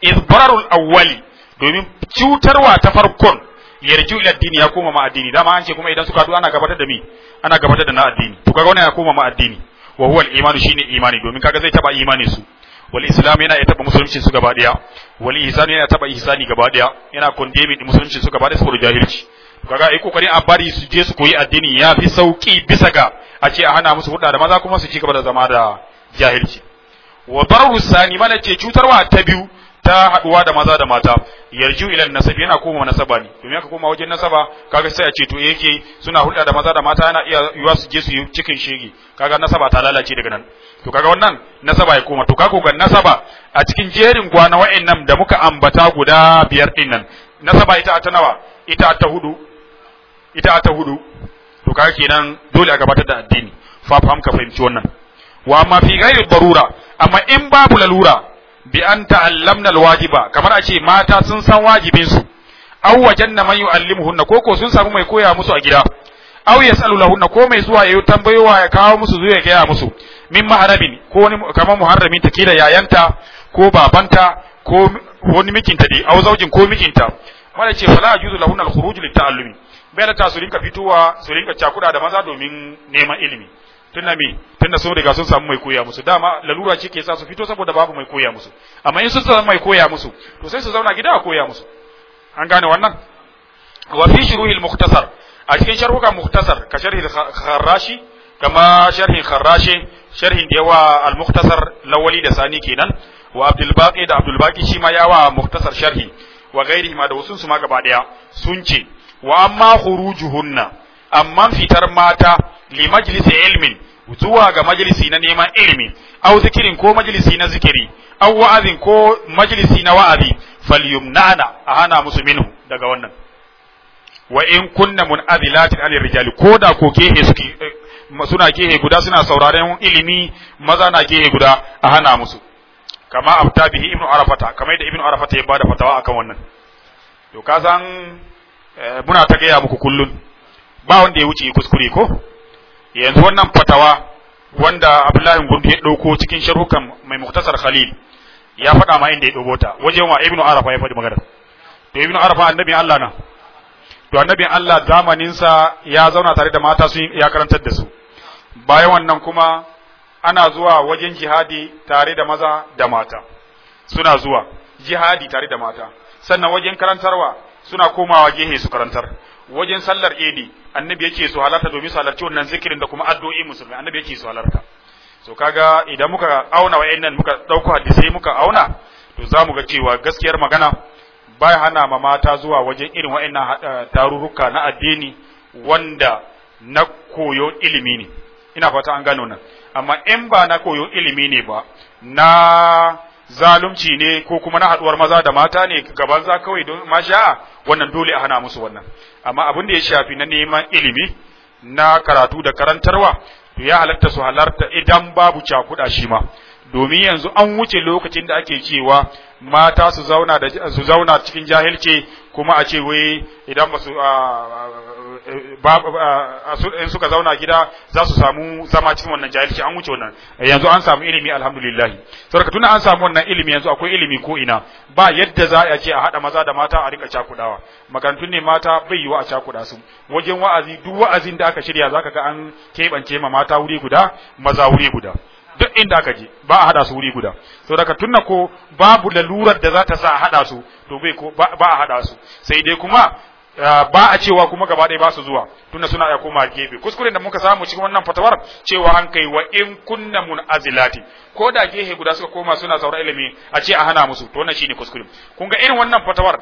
izbararul awwali domin cutarwa ta farkon yarju ila addini ya koma ma addini dama an ce kuma idan suka ana gabatar da mi ana gabatar da na addini to kaga wannan ya koma ma addini wa huwa al-imanu shine imani domin kaga zai taba imani su wal islam yana taba musulunci su gaba daya wal ihsan yana taba ihsani gaba daya yana kondemi musulunci su gaba daya saboda jahilci kaga ai kokarin a bari su je su koyi addini ya fi sauki bisa ga a ce a hana musu hudda da maza kuma su ci gaba da zama da jahilci wa barru sani mana ce cutarwa ta biyu ta haduwa da maza da mata yarju ila nasabi yana koma nasaba ne domin aka koma wajen nasaba kaga sai a ce to eh yake suna hulɗa da maza da mata yana iya yiwa su je su yi cikin shege kaga nasaba ta lalace daga nan to kaga wannan nasaba ya koma to kaga ga nasaba a cikin jerin gwana wa'annan da muka ambata guda biyar din nan nasaba ita ta nawa ita ta hudu ita ta hudu to kaga kenan dole a gabatar da addini fa fahimka fahimci wannan wa ma fi ghairi darura amma in babu lalura bi an ta'allamna alwajiba kamar a ce mata sun san wajibin su aw wajanna man yu'allimuhunna ko koko sun samu mai koya musu a gida aw yasalu lahunna ko mai zuwa yayi tambayowa ya kawo musu zuwa ya gaya musu min maharamin ko wani kamar muharramin ta da yayanta ko babanta ko wani mikinta dai aw zaujin ko mikinta mala ce fala ajuzu lahunna alkhuruj litta'allumi bai ta su rinka fitowa su rinka cakuda da maza domin neman ilimi tunda me tunda sun riga sun samu mai koya musu dama lalura ce ke sa su fito saboda babu mai koya musu amma in sun samu mai koya musu to sai su zauna gida a koya musu an gane wannan wa fi al mukhtasar a cikin sharhuka mukhtasar ka sharhi kharashi kama sharhin kharashi sharhin da yawa al mukhtasar lawali da sani kenan wa abdul baqi da abdul baqi shi ma yawa mukhtasar sharhi wa ghairihi ma da wasun su ma gaba daya sun ce wa amma khurujuhunna amma fitar mata li majlisi ilmin zuwa ga majlisi na neman ilimi au zikirin ko majlisi na zikiri au wa'azin ko majlisi na wa'azi falyumnana a hana musu minhu daga wannan wa in kunna mun'azilatin alil rijali ko da ko gehe suke eh, suna gehe guda suna sauraren ilimi maza na gehe guda a hana musu kama abta bihi ibnu arafata kamar da ibnu arafata ya bada fatawa akan wannan to ka san eh, muna ta gaya muku kullun ba wanda ya wuce kuskure ko yanzu wannan fatawa wanda Abdullahi Gundu ya dauko cikin sharhukan mai muktasar Khalil ya faɗa ma inda ya dauko ta waje wa ibnu Arafa ya faɗi magana to ibnu Arafa annabi Allah na to annabi Allah zamanin sa ya zauna tare da mata su ya karantar da su bayan wannan kuma ana zuwa wajen jihadi tare da maza da mata suna zuwa jihadi tare da mata sannan wajen karantarwa suna komawa gehe su karantar wajen sallar idi annabi yake su halarta domin su halarci wannan zikirin da kuma addu'o'i musulmi annabi yake su halarta so kaga idan muka auna nan muka dauko hadisi muka auna to za mu ga cewa gaskiyar magana bai hana ma mata zuwa wajen irin wa'annan eh, tarurruka na addini wanda na koyo ilimi ne ina fata an gano nan amma in ba na koyo ilimi ne ba na zalunci ne ko kuma na haduwar maza da mata ne gaban za kawai don masha wannan dole a hana musu wannan amma abin da ya shafi na neman ilimi na karatu da karantarwa to ya halatta su halarta idan babu cakuɗa shi ma domin yanzu an wuce lokacin da ake cewa mata su zauna da su zauna cikin jahilci kuma a ce wai idan ba su in suka zauna gida za su samu zama cikin wannan jahilci an wuce wannan yanzu an samu ilimi alhamdulillah saboda tuna an samu wannan ilimi yanzu akwai ilimi ko ina ba yadda za a ce a hada maza da mata a rika cakudawa makarantun ne mata bai yiwa a cakuda su wajen wa'azi duk wa'azin da aka shirya zaka ga an keɓance ma mata wuri guda maza wuri guda duk inda aka je ba a hada su wuri guda to daga tunna ko babu lalurar da za ta sa a hada su to bai ko ba a hada su sai dai kuma ba a cewa kuma gaba ɗaya ba su zuwa tunda suna ya koma gefe kuskuren da muka samu cikin wannan fatawar cewa an kai wa in kunna azilati ko da gehe guda suka koma suna saura ilimi a ce a hana musu to wannan shine kuskure kun ga irin wannan fatawar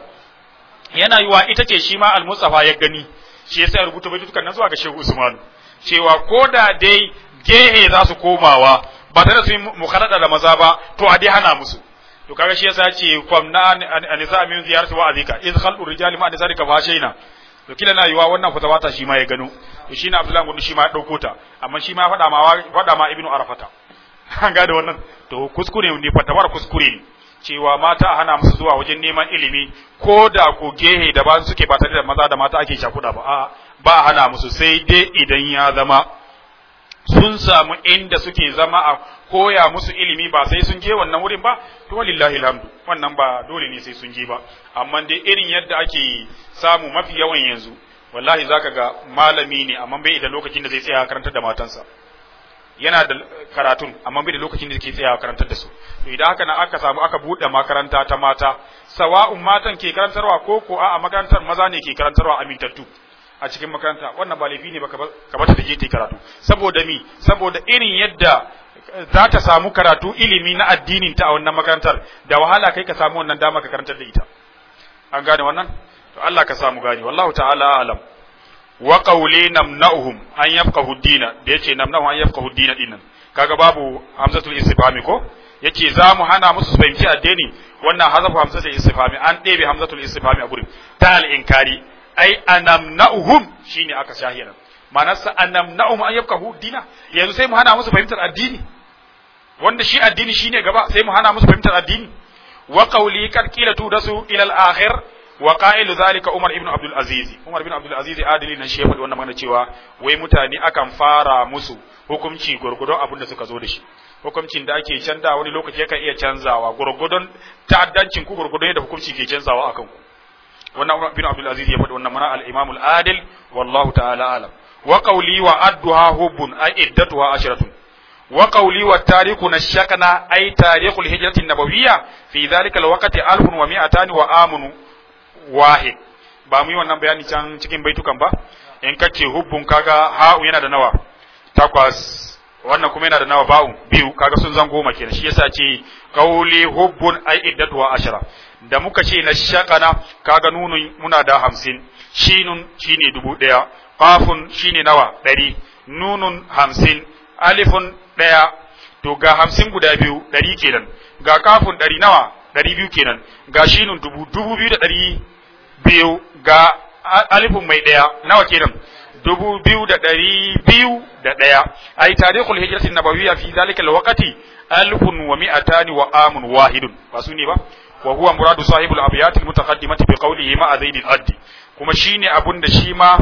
yana yiwa ita ce shi ma al-Mustafa ya gani shi yasa rubuta baitukan nan zuwa ga Shehu Usman cewa ko da dai gehe za su komawa ba tare su yi mukhalada da maza ba to a dai hana musu to kaga shi yasa ce na anisa min ziyarati wa azika iz khalu rijali ma anisa ka fashaina to kila na yiwa wannan fata wata shi ma ya gano to shi na Abdullahi gudu shi ma ya dauko ta amma shi ma ya fada ma fada ma Ibnu Arafata an ga da wannan to kuskure ne fatawar kuskure ne cewa mata hana musu zuwa wajen neman ilimi ko da ko gehe da ba suke ba tare da maza da mata ake shakuda ba a ba hana musu sai dai idan ya zama sun samu inda suke zama a koya musu ilimi ba sai sun je wannan wurin ba to walillahi alhamdu wannan ba dole ne sai sun je ba amma dai irin yadda ake samu mafi yawan yanzu wallahi zaka ga malami ne amma bai da lokacin da zai tsaya karantar da matansa yana da karatun amma bai da lokacin da yake tsaya karantar da su to idan haka na aka samu aka bude makaranta ta mata sawa'un matan ke karantarwa ko ko a makarantar maza ne ke karantarwa amintattu a cikin makaranta wannan ba laifi ne ba ka da je ta karatu saboda mi saboda irin yadda eh, za ta samu karatu ilimi na addinin ta a wannan makarantar da wahala kai ka samu wannan dama ka karantar da ita an gane wannan to Allah ka samu gani wallahu ta'ala alam wa qawli namna'uhum an yafqahu dina da yace namna'uhum an yafqahu dina dinnan kaga babu hamzatul istifhami ko yace za mu hana musu su fahimci addini wannan hazafu hamzatul istifhami an ɗebe hamzatul istifhami a gurin ta al inkari ai anamna'uhum shine aka shahira manasa anamna'uhum an yafqahu dina yanzu sai mu hana musu fahimtar addini wanda shi addini shine gaba sai mu hana musu fahimtar addini wa qawli kad qila tudasu ila al-akhir wa qa'ilu zalika Umar ibn Abdul Aziz Umar ibn Abdul Aziz adili nan shi ya faɗi wannan magana cewa wai mutane akan fara musu hukunci gurgudon abin suka zo da shi hukuncin da ake canza wani lokaci yakan iya canzawa gurgudon ta'addancin ku gurgudon yadda hukunci ke canzawa akan ku wannan bin abdul aziz ya faɗi wannan mana al imam al adil wallahu ta'ala alam wa qawli wa adduha hubbun ay iddatuha ashratun wa qawli wa tariku nashakana ay tariku al hijrati nabawiyya fi dhalika al waqti alfun wa mi'atan wa amun wahid ba mu yi wannan bayani can cikin baitukan ba in kace hubbun kaga ha'u yana da nawa takwas wannan kuma yana da nawa ba'u biyu kaga sun zan goma kenan shi yasa ce qauli hubbun ay iddatu wa ashara da muka ce na shakana kaga nunun muna da hamsin shinun shine dubu ɗaya kafun shine nawa ɗari nunun hamsin alifun ɗaya to ga hamsin guda biyu ɗari kenan ga kafun ɗari nawa ɗari biyu kenan ga shinun dubu dubu biyu da ɗari biyu ga alifun mai ɗaya nawa kenan dubu biyu da ɗari biyu da ɗaya ai tarihul hijratin nabawiyya fi zalika alwaqti alfun wa mi'atani wa amun wahidun ba su ne ba wa huwa muradu sahibul abiyat al mutaqaddimati bi qawlihi ma zaid al addi kuma shine abun da shi ma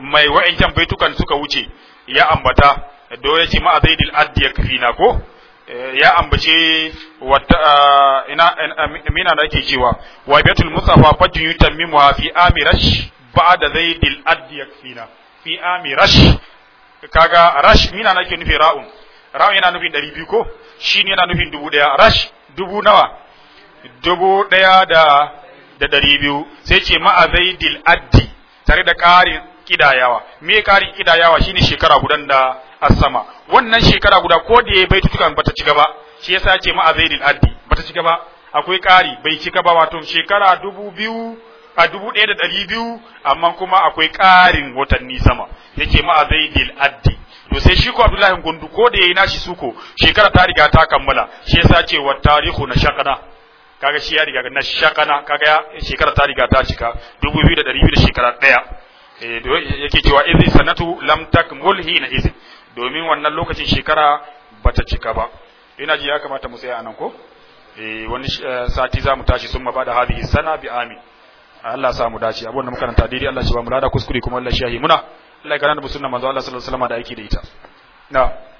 mai wa'incan baitukan suka wuce ya ambata do yace ma zaid al addi yakfina ko eh, ya ambace wata ina amina da ake cewa wa batul mustafa fajin yutammimuha fi amirash ba'da zaid al addi yakfina fi amirash kaga rash mina ke nufi ra'un ra'un yana nufin ɗari biyu ko shi ne yana nufin dubu ɗaya rash dubu nawa dubu ɗaya da da ɗari biyu sai ce dil addi tare da ƙarin ƙidayawa me ƙarin ƙidayawa shine shekara guda da asama wannan shekara guda ko da ya bai tutukan bata ci gaba shi yasa ya ce dil addi bata ci gaba akwai ƙari bai ci gaba wato shekara dubu biyu a dubu ɗaya da ɗari biyu amma kuma akwai ƙarin watanni sama ce yake dil addi to sai shi ko abdullahi gundu ko da ya yi nashi suko shekara ta riga ta kammala shi yasa ce wa tarihu na shakana kaga shi ya riga na shakana kaga ya shekara ta riga ta cika da shekara ɗaya eh, yake cewa izi sanatu lam mulhi na izi domin wannan lokacin shekara bata cika ba ina ji ya kamata mu tsaya nan ko eh wani eh, sati za mu tashi sun mabada hadhihi sana bi amin Allah sa mu dace abun da muka karanta daidai Allah shi ba mu lada kuskure kuma Allah shi ya himuna Allah ya karanta mu sunnar manzo Allah sallallahu alaihi wasallam da yake da ita na'am